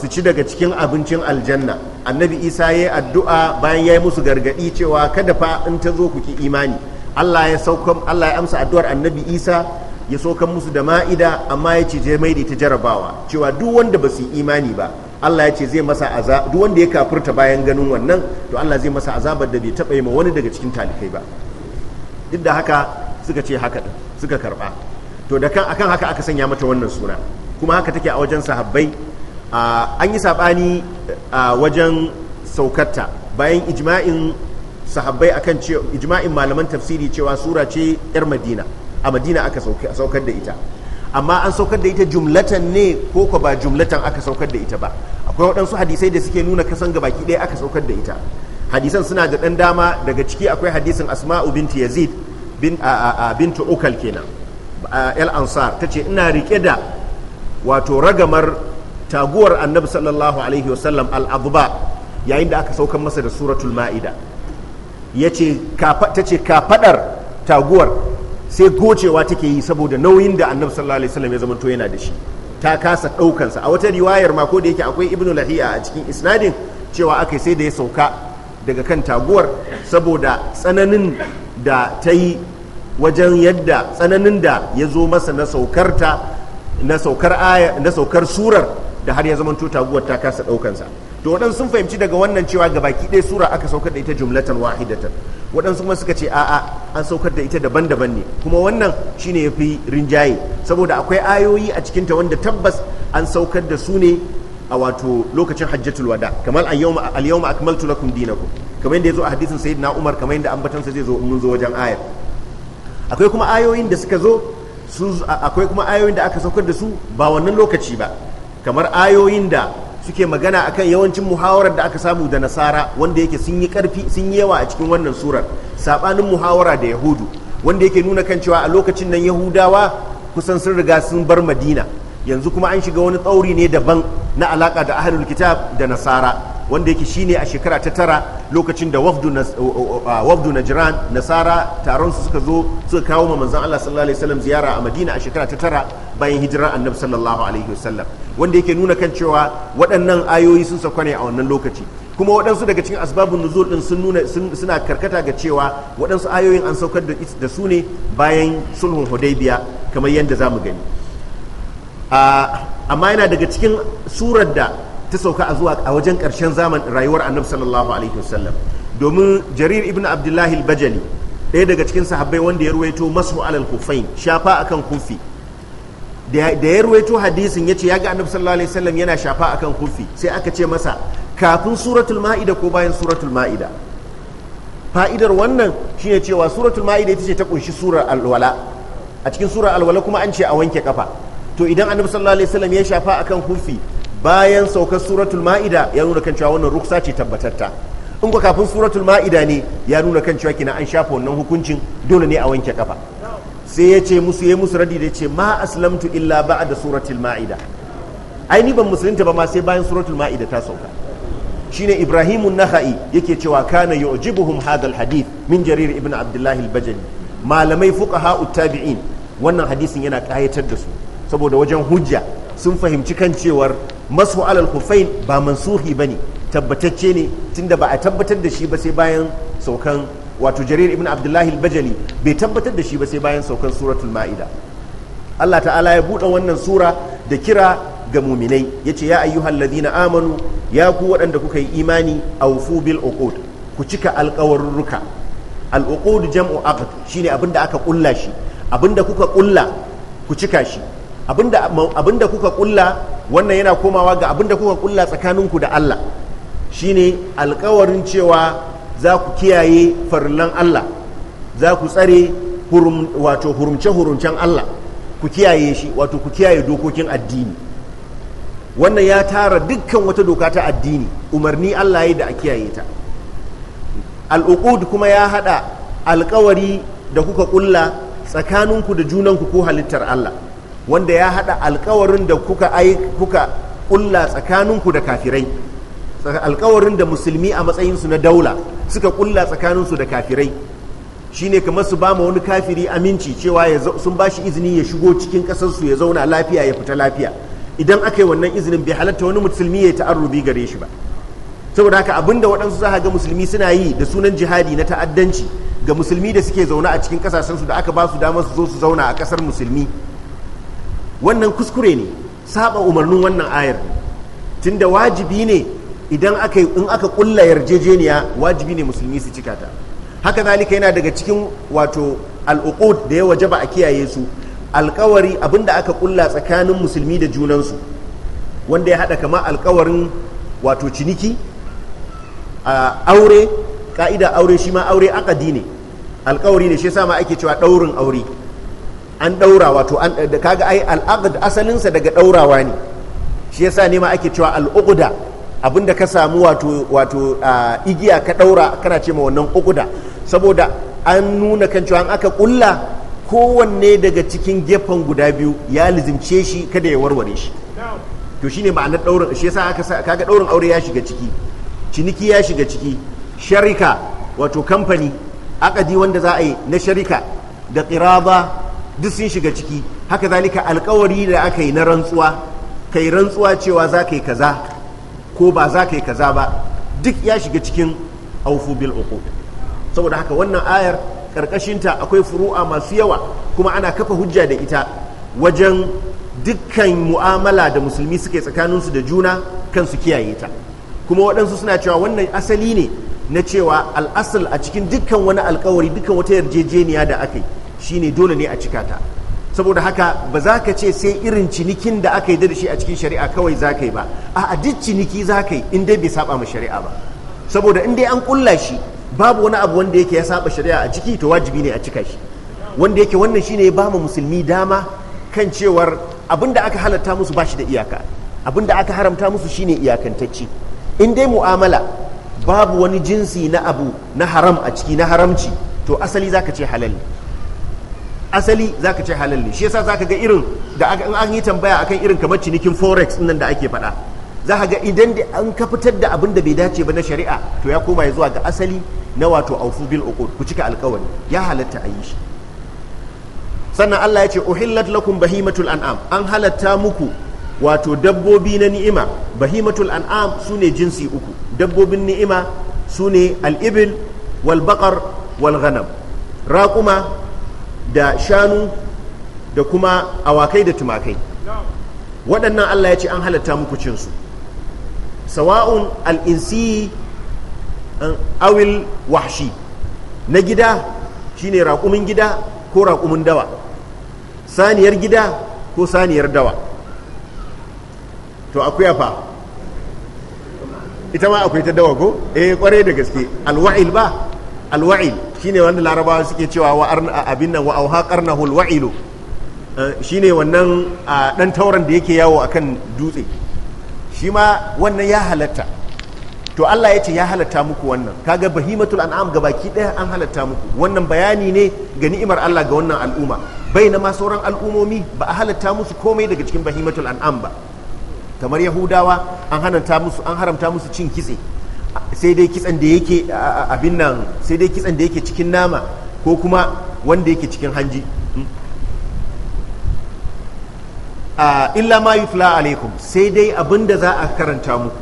su ci daga cikin abincin aljanna annabi isa ya yi addu'a bayan ya yi musu gargaɗi cewa kada fa in ta zo ku ki imani allah ya saukan allah ya amsa addu'ar annabi isa ya sokan musu da ma'ida amma ya ce je mai ta jarabawa cewa duk wanda ba su imani ba Allah ya ce zai masa azab duk wanda ya kafurta bayan ganin wannan to Allah zai masa azabar da bai taba yi ma wani daga cikin talikai ba duk da haka suka ce haka suka karba to da kan akan haka aka sanya mata wannan suna kuma haka take a wajen sahabbai an yi sabani a wajen saukarta bayan ijma'in sahabbai akan ijma'in malaman tafsiri cewa sura ce yar madina a madina aka saukar da ita amma an saukar da ita jumlatan ne ko ko ba jumlatan aka saukar da ita ba akwai waɗansu hadisai da suke nuna kasan ga baki ɗaya aka saukar da ita hadisan suna da ɗan dama daga ciki akwai hadisin asma'u binti yazid bintu ukal kenan el ansar ta ce ina rike da wato ragamar taguwar annabi sallallahu alaihi wasallam al'adba yayin da aka saukar masa da suratul ma'ida ya ce ta ce kafaɗar taguwar sai gocewa take yi saboda nauyin da annabi sallallahu alaihi wasallam ya to yana da shi ta kasa ɗaukansa a wata riwayar ma ko da yake akwai ibnu lahiya a cikin isnadin cewa aka sai da ya sauka daga kan taguwar saboda tsananin da ta yi wajen yadda tsananin da ya zo masa na ta na saukar aya na saukar surar da har ya zamanto taguwar ta kasa ɗaukansa to waɗansu sun fahimci daga wannan cewa gabaki baki ɗaya sura aka saukar da ita jumlatan wahidatan waɗansu kuma suka ce a'a an saukar da ita daban-daban ne kuma wannan shine ya fi rinjaye saboda akwai ayoyi a cikinta wanda tabbas an saukar da su ne a wato lokacin hajjatul wada kamar al-yawma akmaltu lakum dinakum kamar yadda yazo a hadisin sayyidina Umar kamar yadda ambatansa zai zo mun zo wajen ayar akwai kuma ayoyin da suka zo akwai kuma ayoyin da aka saukar da su ba wannan lokaci ba kamar ayoyin da suke magana akan yawancin muhawarar da aka samu da nasara wanda yake sun yi karfi sun yi yawa a cikin wannan surar sabanin muhawara da yahudu wanda yake nuna kan cewa a lokacin nan yahudawa kusan sun riga sun bar madina yanzu kuma an shiga wani tsauri ne daban na alaka da ahlul kitab da nasara wanda yake shine a shekara ta tara lokacin da wafdu najran nasara taron suka zo suka kawo ma manzan Allah sallallahu alaihi wasallam ziyara a Madina a shekara ta tara bayan hijirar annabi sallallahu alaihi wasallam wanda yake nuna kan cewa waɗannan ayoyi sun sauka ne a wannan lokaci kuma waɗansu daga cikin asbabun nuzul din sun nuna suna karkata ga cewa waɗansu ayoyin an saukar da su ne bayan sulhun hudaybiya kamar yadda zamu gani ah, amma yana daga cikin surar da ta sauka a zuwa a wajen ƙarshen zaman rayuwar annabi sallallahu alaihi wasallam domin jarir ibn abdullahi al-bajali ɗaya daga cikin sahabbai wanda ya ruwaito masu alal kufain shafa akan kufi da ya ruwaito hadisin ya ce ya ga annabi sallallahu alaihi wasallam yana shafa akan kufi sai aka ce masa kafin suratul ma'ida ko bayan suratul ma'ida fa'idar wannan shine cewa suratul ma'ida ita ce ta kunshi surar alwala a cikin surar alwala kuma an ce a wanke kafa to idan annabi sallallahu alaihi wasallam ya shafa akan kufi bayan saukar suratul ma'ida ya nuna kan cewa wannan ruksa ce tabbatatta in ku kafin suratul ma'ida ne ya nuna kan cewa kina an shafa wannan hukuncin dole ne a wanke kafa sai ya ce musu ya musu radi da ya ce ma aslamtu illa da suratul ma'ida ai ni ban musulunta ba ma sai bayan suratul ma'ida ta sauka shine ibrahimu naha'i yake cewa kana yu'jibuhum hadha hadith min jarir ibn abdullah al-bajali malamai fuqaha tabi'in wannan hadisin yana kayatar da su saboda wajen hujja sun fahimci kan cewar masu alal hufain ba mansuhi ba ne tabbatacce ne tunda ba a tabbatar da shi ba sai bayan saukan wato jarir ibn abdullahi bajali bai tabbatar da shi ba sai bayan saukan suratul ma'ida Allah ta'ala ya buɗe wannan sura da kira ga muminai Ya ce ya ayyuhal ladina amanu ya ku waɗanda kuka yi imani a bil uqud ku cika alƙawarruka al uqud jam'u aqd shine abinda aka kulla shi abinda kuka kulla ku cika shi abinda abinda kuka kulla wannan yana komawa ga abinda kuka kulla tsakaninku da Allah shine alkawarin cewa za ku kiyaye farillan Allah za ku tsare hurum, wato hurumce hurumcen Allah ku kiyaye shi wato ku kiyaye dokokin addini wannan ya tara dukkan wata doka ta addini umarni Allah ya da a kiyaye ta al'uqud kuma ya haɗa alkawari da kuka kulla tsakaninku da junanku ko halittar Allah wanda ya hada alkawarin da kuka ai kuka kulla tsakaninku da kafirai alkawarin da musulmi a matsayinsu na daula suka kulla tsakaninsu da kafirai shine kamar su bama wani kafiri aminci cewa sun ba shi izini ya shigo cikin ƙasarsu ya zauna lafiya ya fita lafiya idan aka yi wannan izinin bai halatta wani musulmi ya ta'arrubi gare shi ba saboda haka abinda waɗansu za ga musulmi suna yi da sunan jihadi na ta'addanci ga musulmi da suke zaune a cikin su da aka ba su damar su zo su zauna a kasar musulmi wannan kuskure ne saba umarnin wannan ayar tunda wajibi ne idan aka in aka kulla yarjejeniya wajibi ne musulmi su cika ta haka zalika yana daga cikin wato al'uqud da ya wajaba a kiyaye su alkawari abinda aka kulla tsakanin musulmi da junansu wanda ya hada kama alkawarin wato ciniki a aure ka'ida aure shi ma aure akadi ne alkawari ne shi yasa ma ake cewa daurin aure an ɗaura wato an kaga ai al'aqd asalinsa daga ɗaurawa ne shi yasa ne ma ake cewa al'uqda abinda ka samu wato wato igiya ka ɗaura kana ce ma wannan uquda saboda an nuna kan cewa an aka kulla kowanne daga cikin gefen guda biyu ya lizimce shi kada ya warware shi to shine ma'anar ɗaurin shi yasa aka kaga ɗaurin aure ya shiga ciki ciniki ya shiga ciki sharika wato kamfani akadi wanda za a yi na sharika da ƙiraba. duk sun shiga ciki haka zalika alkawari da aka yi na rantsuwa kai rantsuwa cewa za ka yi kaza ko ba za ka yi kaza ba duk ya shiga cikin aufu bil uku saboda haka wannan ayar karkashinta akwai furu'a masu yawa kuma ana kafa hujja da ita wajen dukkan mu'amala da musulmi suke tsakaninsu da juna kansu kiyaye ta kuma waɗansu suna cewa wannan asali ne na cewa al'asal a cikin dukkan wani alkawari dukkan wata yarjejeniya da aka yi shine dole ne a cika ta saboda haka ba za ka ce sai irin cinikin da aka yi da shi a cikin shari'a kawai za ka yi ba a duk ciniki za ka yi in dai bai saba ma shari'a ba saboda in dai an kulla shi babu wani abu wanda yake ya saba shari'a a ciki to wajibi ne a cika shi wanda yake wannan shine ya ba mu musulmi dama kan cewar abin da aka halatta musu ba shi da iyaka abin da aka haramta musu shine iyakantacci in dai mu'amala babu wani jinsi na abu na haram a ciki na haramci to asali za ka ce halal asali zaka ce halal ne shi yasa ka ga irin da in an yi tambaya akan irin kamar cinikin forex nan da ake faɗa za ka ga idan da an ka fitar da abin da bai dace ba na shari'a to ya koma zuwa ga asali na wato aufu bil uqud ku cika alkawari ya halatta a yi shi sannan Allah ya ce uhillat lakum bahimatul an'am an halatta muku wato dabbobi na ni'ima bahimatul an'am sune jinsi uku dabbobin ni'ima sune al-ibil wal baqar wal ghanam raquma da shanu da kuma awakai da tumakai waɗannan Allah ya ce an halatta muku cinsu sawa'un al'insi awil wahshi na gida shine raƙumin gida ko raƙumin dawa saniyar gida ko saniyar dawa to akwai fa ita ma akwai ta dawa ko eh kwarai da gaske alwa'il ba alwa'il shine wanda larabawa suke cewa wa abin nan wa auha qarnahul wa'ilu eh, shine wannan dan tauran da yake yawo akan dutse shi ma wannan ya halatta to Allah ya ce ya halatta muku wannan kaga bahimatul an'am ga baki daya an halatta muku wannan bayani ne ga ni'imar Allah ga wannan al'umma bai na ma sauran al'umomi ba a halatta musu komai daga cikin bahimatul an'am ba kamar yahudawa an an haramta musu cin kitse sai dai kitsan da yake abin nan sai dai kitsan da yake cikin nama ko kuma wanda yake cikin hanji hmm? illa ma yutla alaikum sai dai abin da za a karanta muku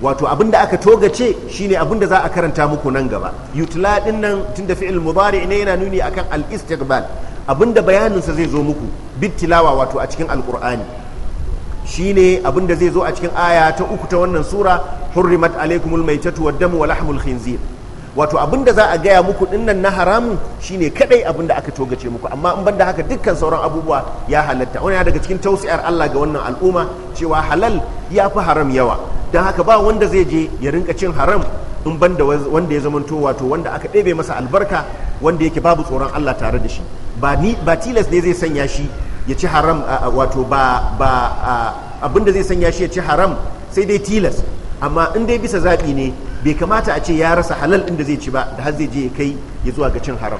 wato abin da aka togace shine abin da za a karanta muku nan gaba yutla din nan tunda fi'il mudari ina yana nuni akan al-istiqbal abin da bayaninsa zai zo muku bit wato a cikin alqur'ani shine abin da zai zo a cikin aya ta uku ta wannan sura hurrimat alaikumul maitatu waddamu wa lahmul khinzir wato abin da za a gaya muku dinnan na haramun shine kadai abin da aka togace muku amma in banda haka dukkan sauran abubuwa ya halatta wani daga cikin tausiyar Allah ga wannan al'umma cewa halal ya fi haram yawa don haka ba wanda zai je ya rinka cin haram in banda wanda ya zamanto wato wanda aka ɗebe masa albarka wanda yake babu tsoron Allah tare da shi ba tilas ne zai sanya shi ya ci haram wato ba ba abinda zai sanya shi ya ci haram sai dai tilas amma in dai bisa zaɓi ne bai kamata a ce ya rasa halal inda zai ci ba da har zai je ya kai ya zuwa ga cin haram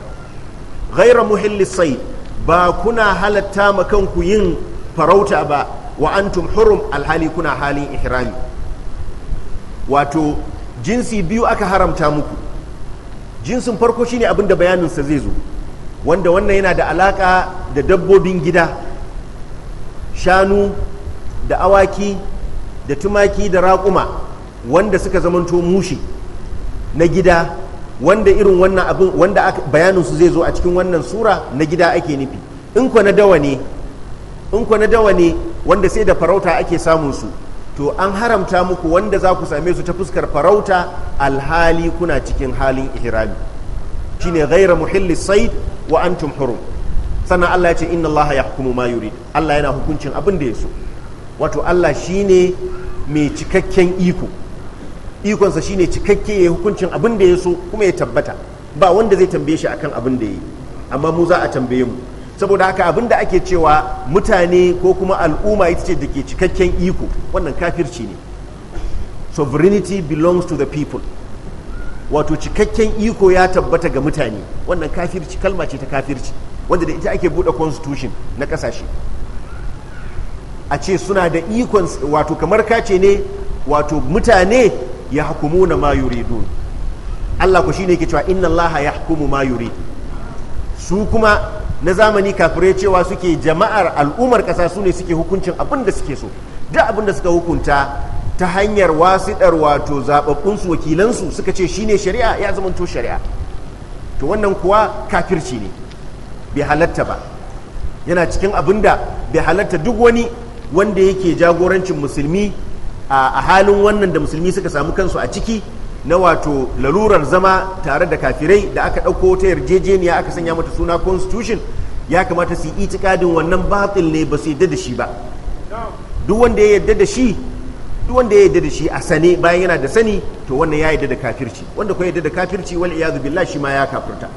ghaira muhillis sai ba kuna halatta ma kanku yin farauta ba wa antum hurum alhali kuna halin ihrami wato jinsi biyu aka haramta muku jinsin farko shine abin da bayaninsa zai zo wanda wannan yana da alaka da dabbobin gida shanu da awaki da tumaki da raƙuma wanda suka zamanto mushi na gida wanda irin wannan abin wanda bayaninsu zai zo a cikin wannan sura na gida ake nufi in kwa na dawa ne in kwa na dawa ne wanda sai da farauta ake samun su to an haramta muku wanda za ku same su ta fuskar farauta alhali kuna cikin halin ihrami shine ghayra muhilli said wa antum hurum sannan Allah ya ce inna Allah ya hukumu ma yurid Allah yana hukuncin abin da ya so wato Allah shine mai cikakken iko ikonsa shine cikakke ya hukuncin abin da ya so kuma ya tabbata ba wanda zai tambaye shi akan abin da ya yi amma mu za a tambaye mu saboda haka abin da ake cewa mutane ko kuma al'umma ita ce da ke cikakken iko wannan kafirci ne sovereignty belongs to the people wato cikakken iko ya tabbata ga mutane wannan kafirci kalma ce ta kafirci wanda da ita ake buɗe constitution na ƙasashe a ce suna da ikon wato kamar kace ne wato mutane ya hukumu na ma Allah ku shine yake cewa inna Allah ya hukumu ma su kuma na zamani kafirai cewa suke jama'ar al'ummar ƙasa su ne suke hukuncin abin da suke so duk abin da suka hukunta ta hanyar wasiɗar wato zaɓaɓɓunsu wakilansu suka ce shi ne shari'a ya zamanto shari'a to wannan kuwa kafirci ne bai halatta ba yana cikin abin da bai halatta duk wani wanda yake jagorancin musulmi a halin wannan da musulmi suka samu kansu a ciki na wato lalurar zama tare da kafirai da aka ɗauko ta yarjejeniya aka sanya mata suna constitution ya kamata su yi itikadin wannan batil ne ba su yadda da shi ba duk wanda ya yadda da shi duk wanda ya yarda da shi a sane bayan yana da sani to wannan ya yarda da kafirci wanda kuma yarda da kafirci wal iyazu billah shi ma ya kafirta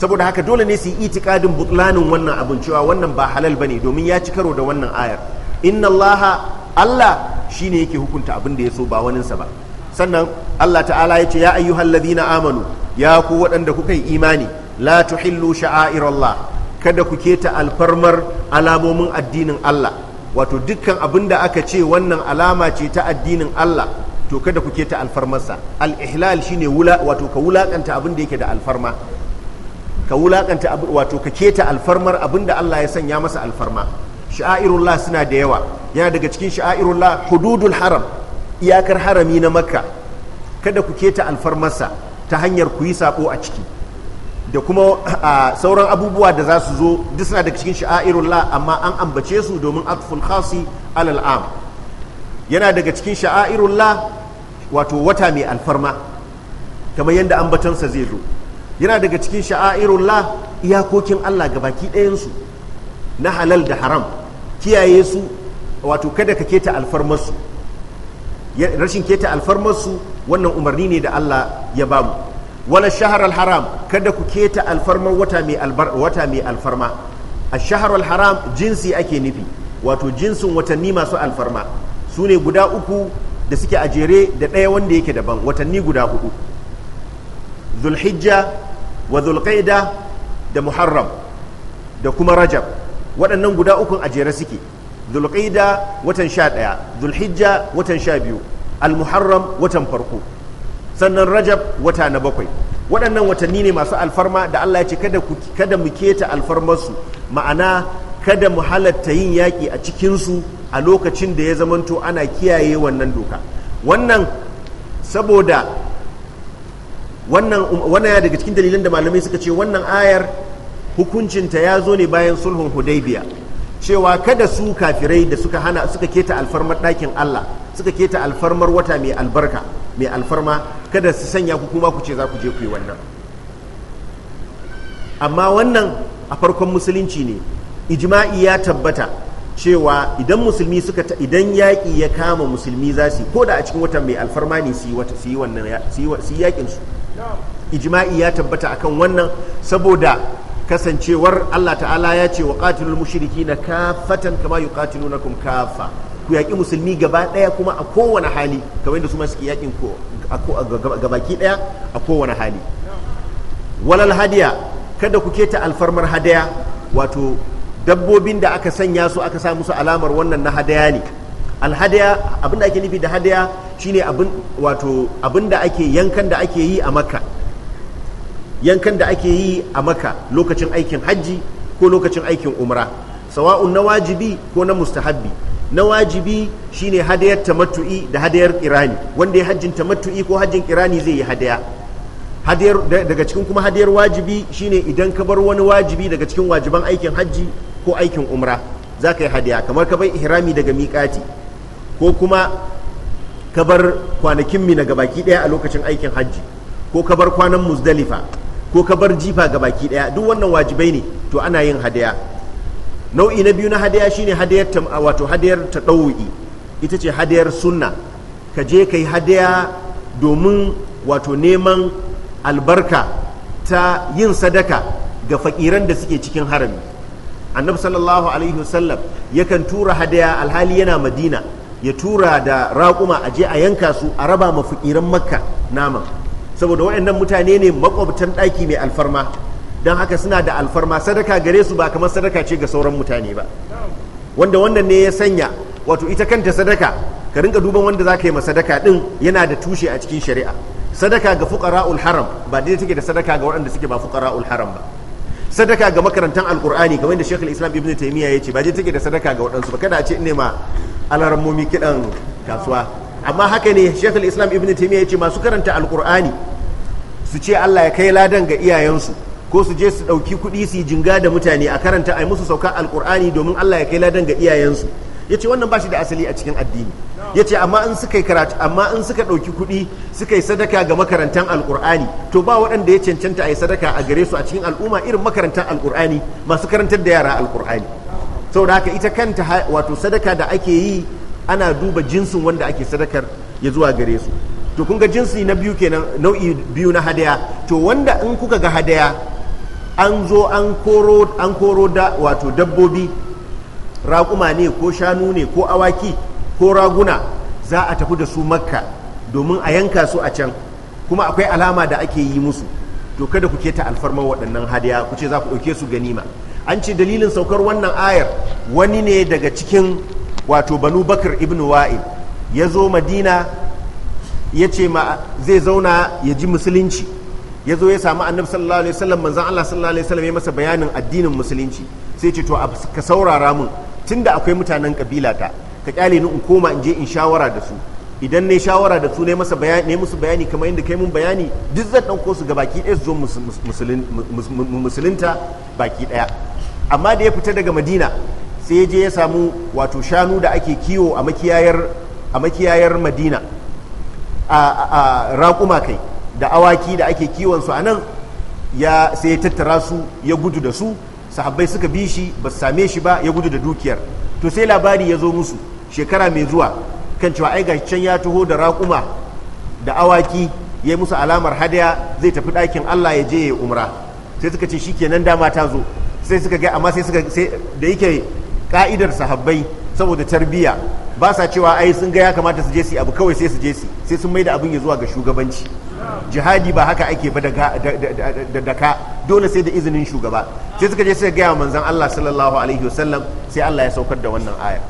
saboda haka dole ne su yi itikadin butlanin wannan abin cewa wannan ba halal bane domin ya ci karo da wannan ayar inna allah allah shine yake hukunta abin da ya so ba waninsa ba sannan allah ta'ala ya ce ya ayyuhal ladina amanu ya ku waɗanda kuka yi imani la tuhillu sha'airallah kada ku keta alfarmar alamomin addinin allah wato dukkan abin da aka ce wannan alama ce ta addinin Allah to kada ku ta alfarmarsa al-ihlal shine wula wato ka wulakanta abin da yake da alfarma ka wulakanta wato ka keta alfarmar abin da Allah ya sanya masa alfarma sha'airullah suna da yawa yana daga cikin sha'airullah hududul haram iyakar harami na makka kada ku keta alfarmarsa ta hanyar ku yi sako a ciki da kuma a sauran abubuwa da za su zo duk suna daga cikin la amma an ambace su domin atful khasi alal am yana daga cikin la wato wata mai alfarma kamar yadda ambatansa zai zo yana daga cikin la iyakokin Allah ga baki ɗayansu na halal da haram kiyaye su wato kada ka keta alfarmarsu rashin keta alfarmarsu wannan umarni ne da Allah ya bamu wala shahar haram kada ku keta alfarma wata mai wata mai alfarma haram jinsi ake nufi wato jinsin watanni masu alfarma su ne guda uku da suke a jere da ɗaya wanda yake daban watanni guda hudu zulhijja wa zulqaida da muharram da kuma rajab waɗannan guda ukun a jere suke zulqaida watan sha ɗaya zulhijja watan sha biyu almuharram watan farko sannan rajab wata na bakwai waɗannan watanni ne masu alfarma da allah ya ce kada mu keta alfarmarsu ma'ana kada mu halatta yin yaƙi a cikinsu a lokacin da ya zamanto ana kiyaye wannan doka wannan saboda wannan ya daga cikin dalilan da malamai suka ce wannan ayar hukuncinta ya zo ne bayan sulhun hudaibiya cewa kada su kafirai da suka hana suka keta alfarmar ɗakin allah suka keta alfarmar wata mai albarka mai alfarma kada su sanya ku kuma ku ce za ku je ku yi wannan amma wannan a farkon musulunci ne ijma'i ya tabbata cewa idan musulmi suka ta idan yaƙi ya kama musulmi za su ko da a cikin watan mai alfarma ne su yi wannan su yaƙin su ijma'i ya tabbata akan wannan saboda kasancewar Allah ta'ala ya ce wa qatilul mushrikina kafatan kama yuqatilunakum kafa ku yaƙi musulmi gaba ɗaya kuma a kowane hali kamar yadda su ma suke yaƙin gabaki ɗaya a kowane hali walal hadiya kada ku keta alfarmar hadaya wato dabbobin da aka sanya su aka sa musu alamar wannan na hadaya ne alhadaya abin da ake nufi da hadaya shine abin wato abin da ake yankan da ake yi a makka yankan da ake yi a makka lokacin aikin hajji ko lokacin aikin umra sawa'un na wajibi ko na mustahabbi na wajibi shine hadayar tamattu'i da hadayar kirani wanda ya hajjin tamattu'i ko hajjin kirani zai yi hadaya hadayar daga cikin kuma hadayar wajibi shine idan ka bar wani wajibi daga cikin wajiban aikin hajji ko aikin umra za ka yi hadaya kamar ka bar ihrami daga miƙati ko kuma ka bar kwanakin mina ga baki ɗaya a lokacin aikin hajji ko ka bar kwanan muzdalifa ko ka bar jifa ga baki ɗaya duk wannan wajibai ne to ana yin hadaya nau'i na biyu na hadaya shine hadayar wato ta tadawu'i ita ce hadiyar sunna ka je ka yi hadaya domin wato neman albarka ta yin sadaka ga fakiran da suke cikin harami annabi sallallahu alaihi wasallam yakan tura hadaya alhali yana madina ya tura da raƙuma a je a yanka su a raba ma fakiran makka naman saboda waɗannan mutane ne makwabtan ɗaki mai alfarma don haka suna da alfarma sadaka gare su ba kamar sadaka ce ga sauran mutane ba wanda wannan ne ya sanya wato ita kanta sadaka ka rinka duban wanda za ka yi ma sadaka din yana da tushe a cikin shari'a sadaka ga fuqara'ul haram ba dai take da sadaka ga waɗanda suke ba fuqara'ul haram ba sadaka ga makarantan alkur'ani kamar da shekul islam ibn taimiyya ya ce ba dai take da sadaka ga waɗansu ba kada a ce ne ma alarammomi kiɗan kasuwa amma haka ne shekul islam ibn taimiyya ya ce masu karanta alkur'ani su ce allah ya kai ladan ga iyayensu ko su je su ɗauki kuɗi su yi jinga da mutane a karanta a musu sauka alkur'ani domin Allah ya kai ladan ga iyayensu ya ce wannan ba shi da asali a cikin addini ya ce amma in suka ɗauki kuɗi suka yi sadaka ga makarantar alkur'ani to ba waɗanda ya cancanta a yi sadaka a gare su a cikin al'umma irin makarantar alkur'ani masu karantar da yara alkur'ani da haka ita kanta wato sadaka da ake yi ana duba jinsin wanda ake sadakar ya zuwa gare su to kun ga jinsi na biyu kenan nau'i biyu na hadaya to wanda in kuka ga hadaya an zo an koro an koro da wato dabbobi raƙuma ne ko shanu ne ko awaki ko raguna za a tafi da su makka domin a yanka su a can kuma akwai alama da ake yi musu to kada ku keta alfarmar waɗannan hadiya ku ce za ku ɗauke su ganima an ce dalilin saukar wannan ayar wani ne daga cikin wato banu bakar ibn wa'il ya zo madina ya ce ma zai zauna ya ji musulunci ya zo ya samu annabi sallallahu alaihi wasallam manzon Allah sallallahu alaihi wasallam ya masa bayanin addinin musulunci sai ce to ka saurara mun tunda akwai mutanen kabila ta ka kyale ni in koma in je in shawara da su idan ne shawara da su ne masa bayani ne musu bayani kamar yadda kai mun bayani duk zan dauko su ga baki ɗaya su zo musulunta baki ɗaya amma da ya fita daga madina sai ya je ya samu wato shanu da ake kiwo a makiyayar a makiyayar madina a raƙuma kai da awaki da ake kiwon su a ya sai ya tattara su ya gudu da su sahabbai suka bi shi ba su same shi ba ya gudu da dukiyar to sai labari ya zo musu shekara mai zuwa kan cewa ai gashi can ya taho da raƙuma da awaki ya yi musu alamar hadaya zai tafi ɗakin Allah ya je ya umra sai suka ce shikenan dama ta zo sai suka ga amma sai suka sai da yake ka'idar sahabbai saboda tarbiyya ba sa cewa ai sun ga ya kamata su je su abu kawai sai su je su sai sun maida abin ya zuwa ga shugabanci jihadi ba haka ake ba da daka dole sai da izinin shugaba sai suka je suka gaya wa manzan Allah sallallahu alaihi wasallam sai Allah ya saukar da wannan aya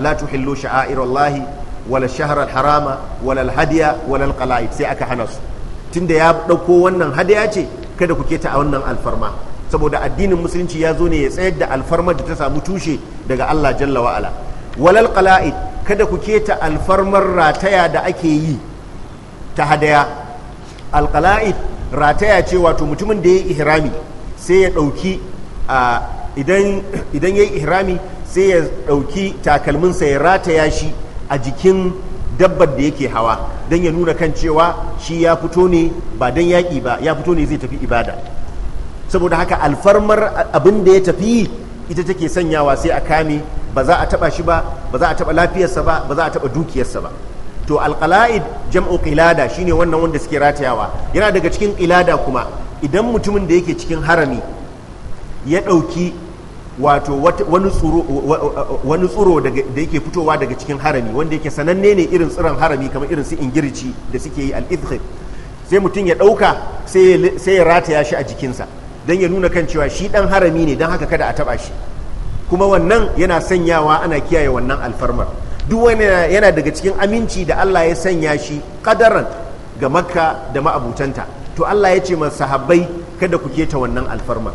la tuhillu sha'airallahi wala shaharar harama wala al-hadiya wala alqala'id sai aka hana su tunda ya dauko wannan hadiya ce kada ku keta a wannan alfarma saboda addinin musulunci ya zo ne ya tsayar da alfarmar da ta samu tushe daga Allah jalla wa'ala walal qala'id kada ku keta alfarmar rataya da ake yi ta hadaya alƙala'id rataya ce wato mutumin da ya yi ihrami sai ya ɗauki idan ya yi ihrami sai ya ɗauki takalminsa ya rataya shi a jikin dabbar da yake hawa don ya nuna kan cewa shi ya fito ne ba don yaƙi ba ya fito ne zai tafi ibada saboda haka alfarmar abin da ya tafi ita take sanyawa sai a kame ba za a taɓa shi ba ba za a taɓa lafiyarsa ba ba za a taɓa dukiyarsa ba to alqala'id jam'u qilada shine wannan wanda suke ratayawa yana daga cikin qilada kuma idan mutumin da yake cikin harami ya ɗauki wato wani tsuro da yake fitowa daga cikin harami wanda yake sananne ne irin tsiron harami kamar irin su ingirici da suke yi al sai mutum ya ɗauka sai ya rataya shi a jikinsa don ya nuna kan cewa shi dan harami ne don haka kada a taɓa shi kuma wannan yana sanyawa ana kiyaye wannan alfarmar duk wani yana daga cikin aminci da Allah ya sanya shi kadaran ga makka da ma'abutanta to Allah ya ce masa sahabbai kada ku keta wannan alfarma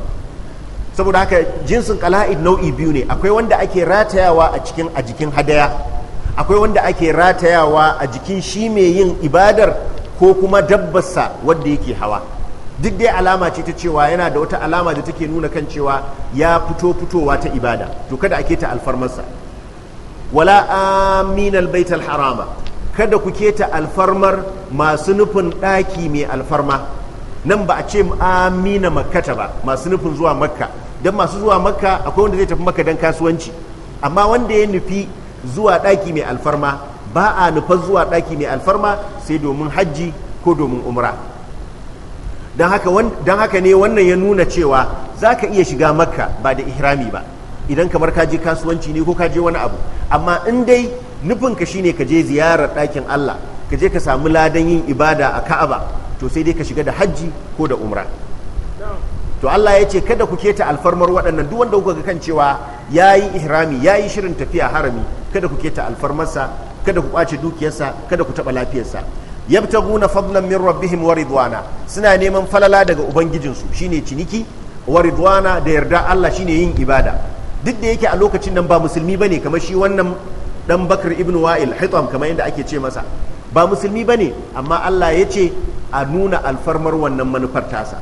saboda haka jinsin kala'id nau'i biyu ne akwai wanda ake ratayawa a cikin a jikin hadaya akwai wanda ake ratayawa a jikin shi mai yin ibadar ko kuma dabbarsa wadda yake hawa duk dai alama ce ta cewa yana da wata alama da take nuna kan cewa ya fito fitowa ta ibada to kada ake ta alfarmarsa wala aminal baital alharama kada ku keta alfarmar masu nufin ɗaki mai alfarma nan ba a ce amina makkata ba masu nufin zuwa makka don masu zuwa makka akwai wanda zai tafi maka don kasuwanci amma wanda ya nufi zuwa ɗaki mai alfarma ba a nufar zuwa ɗaki mai alfarma sai domin hajji ko domin umra don haka ne wannan ya nuna cewa za ka iya shiga makka ba da ihrami ba idan kamar ka je kasuwanci ne ko ka je wani abu amma in dai nufin ka shine ka je ziyarar ɗakin Allah ka je ka samu ladan yin ibada a Ka'aba to sai dai ka shiga da hajji ko da umra to Allah ya ce kada ku keta alfarmar waɗannan duk wanda kuka ga kan cewa yayi ihrami yayi shirin tafiya harami kada ku keta alfarmarsa kada ku ɓace dukiyarsa kada ku taɓa lafiyarsa yabtaguna fadlan min rabbihim wa ridwana suna neman falala daga ubangijinsu shine ciniki wa ridwana da yarda Allah shine yin ibada duk da yake a lokacin nan ba musulmi bane kamar shi wannan dan bakar ibn wa'il hitam kamar yadda ake ce masa ba musulmi bane amma Allah ya ce a nuna alfarmar wannan manufar tasa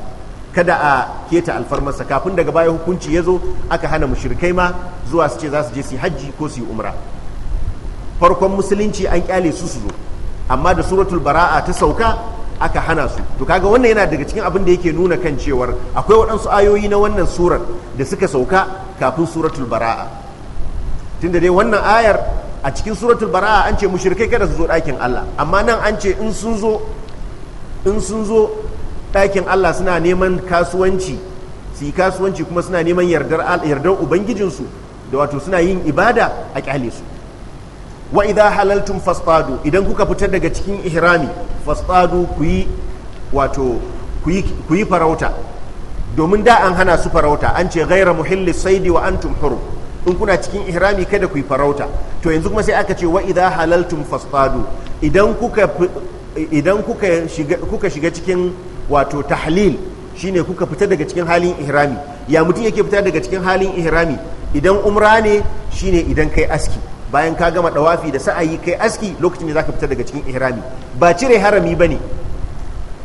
kada a keta alfarmarsa kafin daga baya hukunci ya zo aka hana mushrikai ma zuwa su ce za su je su hajji ko su yi umra farkon musulunci an kyale su su zo amma da suratul bara'a ta sauka aka hana su to kaga wannan yana daga cikin abin da yake nuna kan cewar akwai waɗansu ayoyi na wannan surar da suka sauka kafin suratul bara'a tunda dai wannan ayar a cikin suratul bara'a an ce mushrikai kada su zo ɗakin Allah amma nan an ce in sun zo in sun zo ɗakin Allah suna neman kasuwanci su yi kasuwanci kuma suna neman yardar yardar ubangijinsu da wato suna yin ibada a kyale su wa idha halaltum fastadu idan kuka fitar daga cikin ihrami fastadu ku yi wato ku yi farauta domin da an hana su farauta an ce ghayra muhilli saidi wa antum hurum in kuna cikin ihrami kada ku yi farauta to yanzu kuma sai aka ce wa idha halaltum fastadu idan kuka idan kuka shiga kuka shiga cikin wato tahlil shine kuka fitar daga cikin halin ihrami ya mutum yake fitar daga cikin halin ihrami idan umra ne shine idan kai aski bayan ka gama dawafi da sa'ayi kai aski lokacin za zaka fita daga cikin ihrami ba cire harami ba ne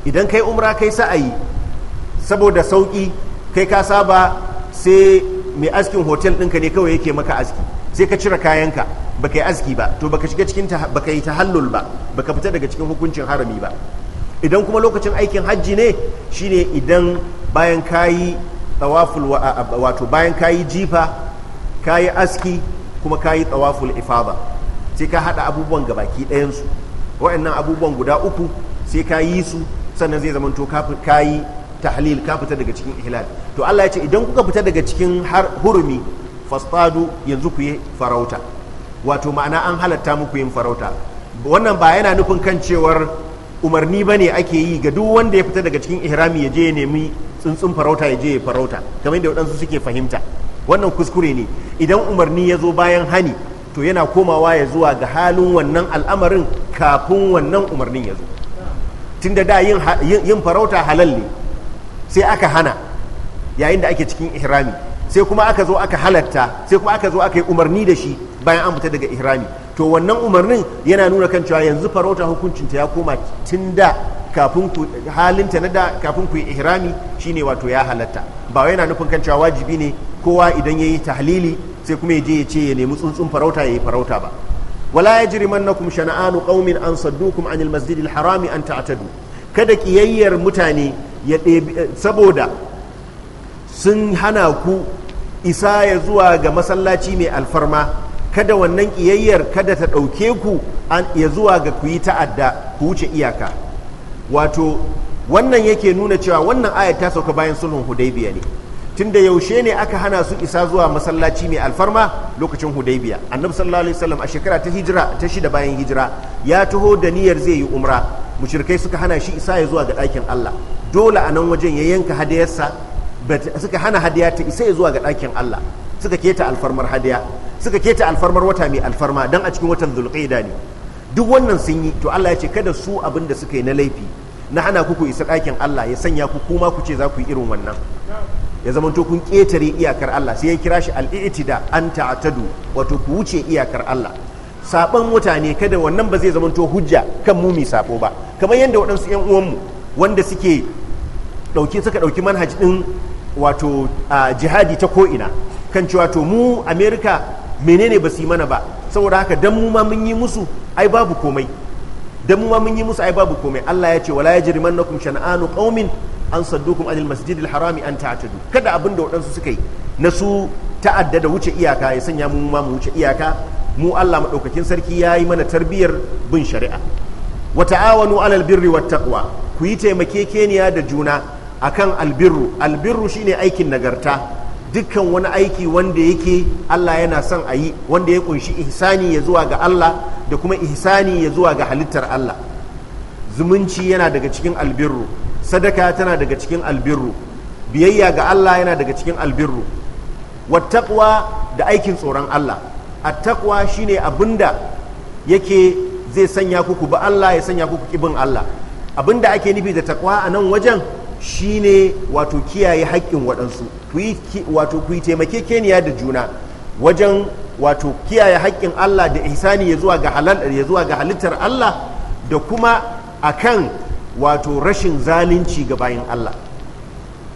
idan kai umra kai sa'ayi saboda sauki kai ka saba sai mai askin hotel ɗinka ne kawai yake maka aski sai ka cire kayanka ba kai aski ba to baka shiga cikin ba ka yi tahallul ba baka fita daga cikin hukuncin harami ba idan kuma lokacin aikin hajji ne shine idan bayan kayi tawaful wato bayan kayi jifa kayi aski kuma ka yi tsawaful ifada sai ka haɗa abubuwan ga baki ɗayansu waɗannan abubuwan guda uku sai ka yi su sannan zai zamanto ka yi tahlil ka fita daga cikin ihlal to Allah ya ce idan kuka fita daga cikin hurumi fastadu yanzu ku yi farauta wato ma'ana an halatta muku yin farauta wannan ba yana nufin kan cewar umarni ba ne ake yi ga duk wanda ya fita daga cikin ihrami ya je ya nemi tsuntsun farauta ya je ya farauta kamar yadda waɗansu suke fahimta wannan kuskure ne idan umarni ya zo bayan hani to yana komawa ya zuwa ga halin wannan al'amarin kafin wannan umarnin ya zo tun da da yin farauta halal ne sai aka hana yayin da ake cikin ihrami sai kuma aka zo aka halatta sai kuma aka zo aka yi umarni da shi bayan an fita daga ihrami to wannan umarnin yana nuna kan cewa yanzu farauta hukuncinta ya koma tun da kafin ku halinta na da kafin ku yi ihrami shine wato ya halatta ba wai yana nufin kan cewa wajibi ne kowa idan yayi tahlili sai kuma ya je ya ce ya nemi tsuntsun farauta yayi farauta ba wala yajrimannakum shana'anu qaumin an saddukum anil masjidil harami an ta'tadu kada kiyayyar mutane ya saboda sun hana ku isa ya zuwa ga masallaci mai alfarma kada wannan ƙiyayyar kada ta ɗauke ku ya zuwa ga ku yi ta'adda ku wuce iyaka wato wannan yake nuna cewa wannan ayat ta sauka bayan sulhun hudaybiya ne tunda yaushe ne aka hana su isa zuwa masallaci mai alfarma lokacin hudaibiya. annabi sallallahu alaihi wasallam a shekara ta hijira ta shida bayan hijira ya taho da niyyar zai yi umra mushrikai suka hana shi isa ya zuwa ga ɗakin Allah dole a nan wajen ya yanka hadiyarsa suka hana hadiya ta isa ya zuwa ga ɗakin Allah suka keta alfarmar hadiya suka keta alfarmar wata mai alfarma dan a cikin watan zulqaida ne duk wannan sun yi to Allah ya ce kada su abin da suka yi na laifi na hana ku ku isa ɗakin Allah ya sanya ku kuma ku ce za ku yi irin wannan ya zama to kun ƙetare iyakar Allah sai ya kira shi al'itida an ta'atadu wato ku wuce iyakar Allah saban mutane kada wannan ba zai zama to hujja kan mu mi sabo ba kamar yadda waɗansu ƴan uwanmu wanda suke ɗauki suka ɗauki manhaj ɗin wato jihadi ta ko'ina kan cewa to mu amerika menene ba su yi mana ba saboda haka dan mu ma mun yi musu ai babu komai dan mu ma mun yi musu ai babu komai Allah ya ce wala yajrimannakum shan'anu qaumin an saddukum anil masjidil harami an ta'tadu kada abin da waɗansu suka yi na su ta'adda da wuce iyaka ya sanya mu ma mu wuce iyaka mu Allah madaukakin sarki ya yi mana tarbiyar bin shari'a wa ta'awanu alal birri wat taqwa ku yi taimakekeniya da juna akan albirru albirru shine aikin nagarta dukkan wani aiki wanda yake Allah yana son a yi wanda ya kunshi ihsani ya zuwa ga Allah da kuma ihsani ya zuwa ga halittar Allah zumunci yana daga cikin albirru sadaka tana daga cikin albirru biyayya ga Allah yana daga cikin albirru wattaqwa da aikin tsoron Allah attaqwa shine abinda yake zai sanya ku ku Allah ya sanya ku ku kibin Allah abinda ake nufi da takwa a nan wajen Shi ne wato kiyaye haƙƙin waɗansu wato ku yi taimakekeniya da juna wajen wato kiyaye haƙƙin Allah da ihsani ya zuwa ga halittar Allah da kuma a kan wato rashin zalunci ga bayin Allah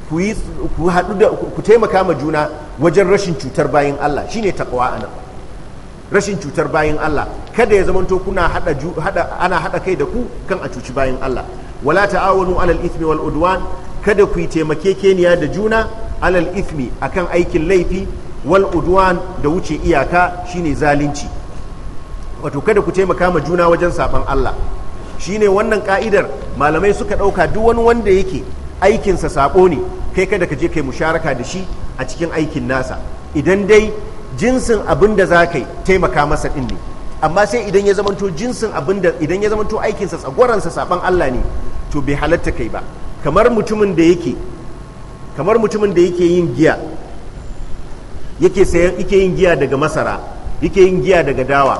ku taimaka ma juna wajen rashin cutar bayin Allah Shi shine a nan. rashin cutar bayin Allah kada ya zamanto kuna hada ana hada kai da ku kan a cuci bayin Allah wala ta'awanu alal ithmi wal udwan kada ku yi taimakekeniya da juna alal ithmi akan aikin laifi wal udwan da wuce iyaka shine zalunci wato kada ku taimaka ma juna wajen saban Allah shine wannan ka'idar malamai suka ɗauka duk wani wanda yake aikinsa sabo ne kai kada ka je kai musharaka da shi a cikin aikin nasa idan dai jinsin abin da za ka taimaka masa ɗin ne amma sai idan ya zamanto jinsin abin idan ya zamanto aikinsa tsagwaransa saban Allah ne to bai halatta kai ba kamar mutumin da yake kamar mutumin da yake yin giya yake sayan yake yin giya daga masara yake yin giya daga dawa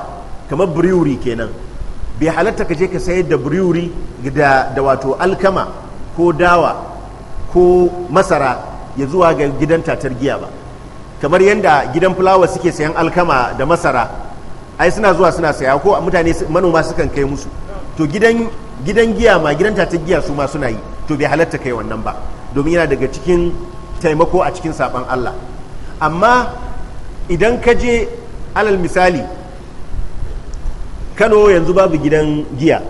kamar brewery kenan bai halatta ka je ka sayar da brewery da, da wato alkama ko dawa ko masara ya zuwa ga gidan tatar giya ba kamar yadda gidan fulawa suke sayan alkama da masara ai suna zuwa suna saya ko mutane manoma sukan kai musu to gidan gidan giya ma gidan ta giya su ma suna yi to bai halatta kai wannan ba domin yana daga cikin taimako a cikin saban Allah amma idan ka je alal misali Kano yanzu babu gidan giya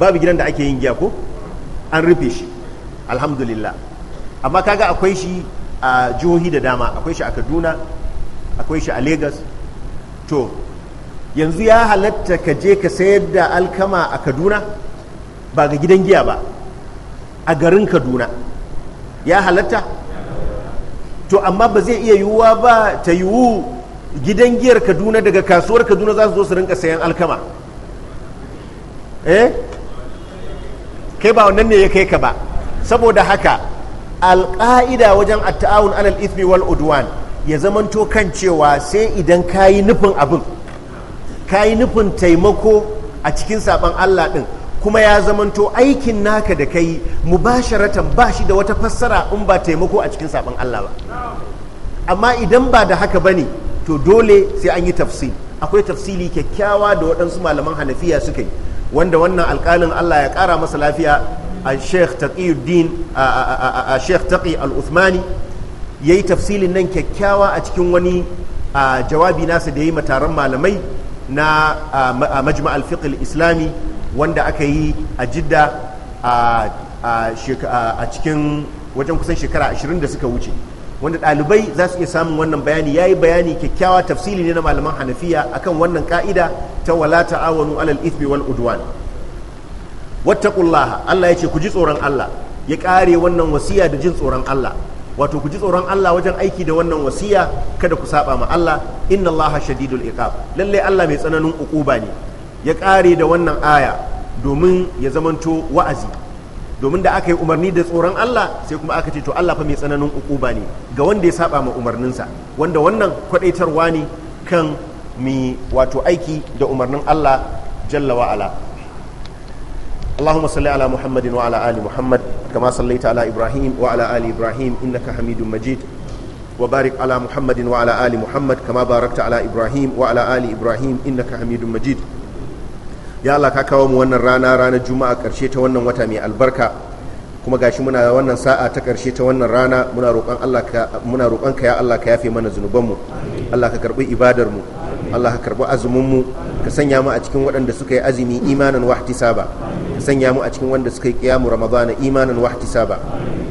babu gidan da ake yin giya ko an rufe shi alhamdulillah amma kaga akwai shi a jihohi da dama akwai shi a Kaduna akwai shi a legas to yanzu ya halatta ka je ka sayar da alkama a kaduna ba ga gidan giya ba a garin kaduna ya halatta to amma ba zai iya yiwuwa ba ta yiwu gidan giyar kaduna daga kasuwar kaduna za su zo su rinka sayan alkama eh kai ba wannan ne ya kai ka ba saboda haka alƙa'ida wajen ta'awun alal ithmi wal udwan ya zamanto kan cewa sai idan kayi nufin abin ka yi nufin taimako a cikin saɓan Allah ɗin kuma ya zamanto aikin naka da kai mubasharatan ba shi da wata fassara in ba taimako a cikin saɓan Allah ba amma idan ba da haka ba ne to dole sai an yi tafsiri akwai tafsili kyakkyawa da waɗansu malaman hanafiya suka yi wanda wannan alƙalin Allah ya ƙara masa lafiya a sheikh taqiyuddin a sheikh taqi al-uthmani yayi tafsilin nan kyakkyawa a cikin wani jawabi nasa da ya yayi mataran malamai na majma al-fiqh islami wanda aka yi a jidda a cikin wajen kusan shekara 20 da suka wuce wanda ɗalibai za su iya samun wannan bayani ya yi bayani kyakkyawa tafsili ne na malaman hanafiya akan wannan ka'ida ta wala ta'awanu alal ithmi wal udwan wattaqullaha Allah ya ce ku ji tsoron Allah ya ƙare wannan wasiya da jin tsoron Allah wato ku ji tsoron Allah wajen aiki da wannan wasiya kada ku saba ma Allah inna Allah shadidul iqab lalle Allah mai tsananin ukuba ne ya kare da wannan aya domin ya zamanto wa'azi domin da aka yi umarni da tsoron Allah sai kuma aka ce to Allah fa mai tsananin ukuba ne ga wanda ya saba ma umarninsa wanda wannan kwadaitarwa ne kan mi wato aiki da umarnin Allah jalla wa'ala اللهم صل على محمد وعلى آل محمد كما صليت على إبراهيم وعلى آل إبراهيم إنك حميد مجيد وبارك على محمد وعلى آل محمد كما باركت على إبراهيم وعلى آل إبراهيم إنك حميد مجيد ya Allah ka kawo mu wannan rana ranar a karshe ta wannan wata mai albarka kuma gashi muna wannan sa'a ta karshe ta wannan rana muna roƙon Allah ka muna roƙon ka ya Allah ka yafe mana zunuban mu Allah ka karbi ibadar mu Allah ka karbi azumin mu ka sanya mu a cikin waɗanda suka yi azumi imanan wahtisaba sanya mu a cikin wanda suka yi kiyamu ramadana imanin wahti saba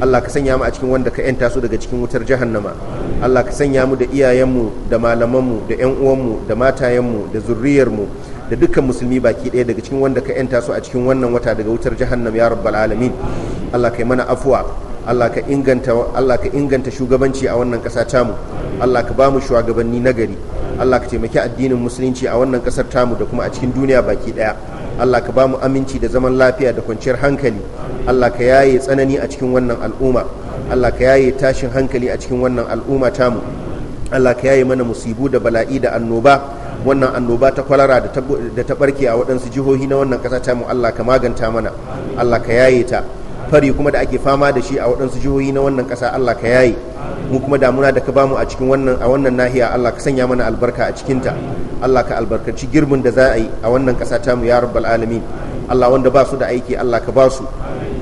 Allah ka sanya mu a cikin wanda ka yanta su daga cikin wutar jahannama Allah ka sanya mu da iyayenmu da malamanmu da yan uwanmu da matayenmu da zurriyarmu da dukkan musulmi baki ɗaya daga cikin wanda ka yanta su a cikin wannan wata daga wutar jahannam ya rabbal alamin Allah kai mana afuwa Allah ka inganta Allah ka inganta shugabanci a wannan ƙasa tamu Allah ka ba mu shugabanni nagari Allah ka taimaki addinin musulunci a wannan ƙasar tamu da kuma a cikin duniya baki ɗaya Allah ka ba mu aminci da zaman lafiya da kwanciyar hankali Allah ka yaye tsanani a cikin wannan al'umma Allah ka yaye tashin hankali a cikin wannan al'umma tamu Allah ka yaye mana musibu da bala'i da annoba wannan annoba ta kwalara da ta barke a waɗansu jihohi na wannan ƙasa tamu Allah ka maganta mana Allah ka yaye ta fari kuma da ake fama da shi a waɗansu jihohi na wannan ƙasa Allah ka yayi mu kuma damuna da ka bamu a cikin wannan a wannan nahiya Allah ka sanya mana albarka a cikinta Allah ka albarkaci girbin da za a yi a wannan ƙasa mu ya rabbal alamin Allah wanda ba su da aiki Allah ka ba su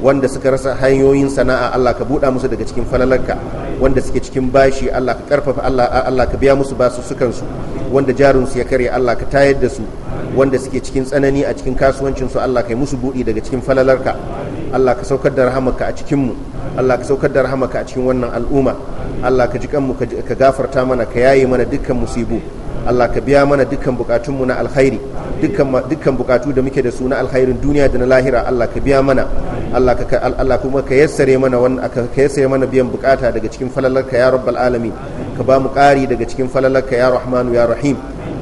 wanda suka rasa hanyoyin sana'a Allah ka buɗa musu daga cikin falalarka wanda suke cikin bashi Allah ka karfafa Allah Allah ka biya musu basu sukan su wanda jarinsu su ya kare Allah ka tayar da su wanda suke cikin tsanani a cikin kasuwancin su Allah kai musu buɗi daga cikin falalarka Allah ka saukar da rahamarka a cikinmu Allah ka saukar da rahamarka a cikin wannan al'umma Allah ka ji kanmu ka gafarta mana ka yaye mana dukkan musibu Allah ka biya mana dukkan bukatunmu na alkhairi dukkan bukatu da muke da su na alkhairin duniya da na lahira Allah ka biya mana Allah ka Allah kuma ka yassare mana wannan ka yassare mana biyan bukata daga cikin falalarka ya rabbal alamin ka ba mu kari daga cikin falalarka ya rahmanu ya rahim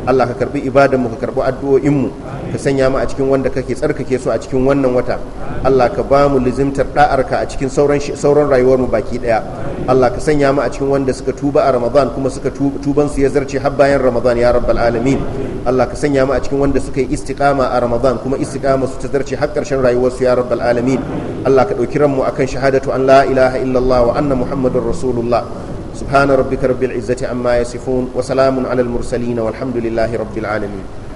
Allah ka karbi ibadanmu ka karbi addu'o'inmu ka sanya mu a cikin wanda kake tsarkake su a cikin wannan wata Allah ka ba mu lizimtar da'arka a cikin sauran sauran rayuwar mu baki daya Allah ka sanya mu a cikin wanda suka tuba a Ramadan kuma suka tuban su ya zarce har bayan Ramadan ya rabbal alamin Allah ka sanya mu a cikin wanda suka yi istiqama a Ramadan kuma istiqama su ta zarce har karshen rayuwar su ya rabbal alamin Allah ka dauki ranmu akan shahadatu an la ilaha illallah wa anna muhammadar rasulullah سبحان ربك رب العزة عما يصفون وسلام على المرسلين والحمد لله رب العالمين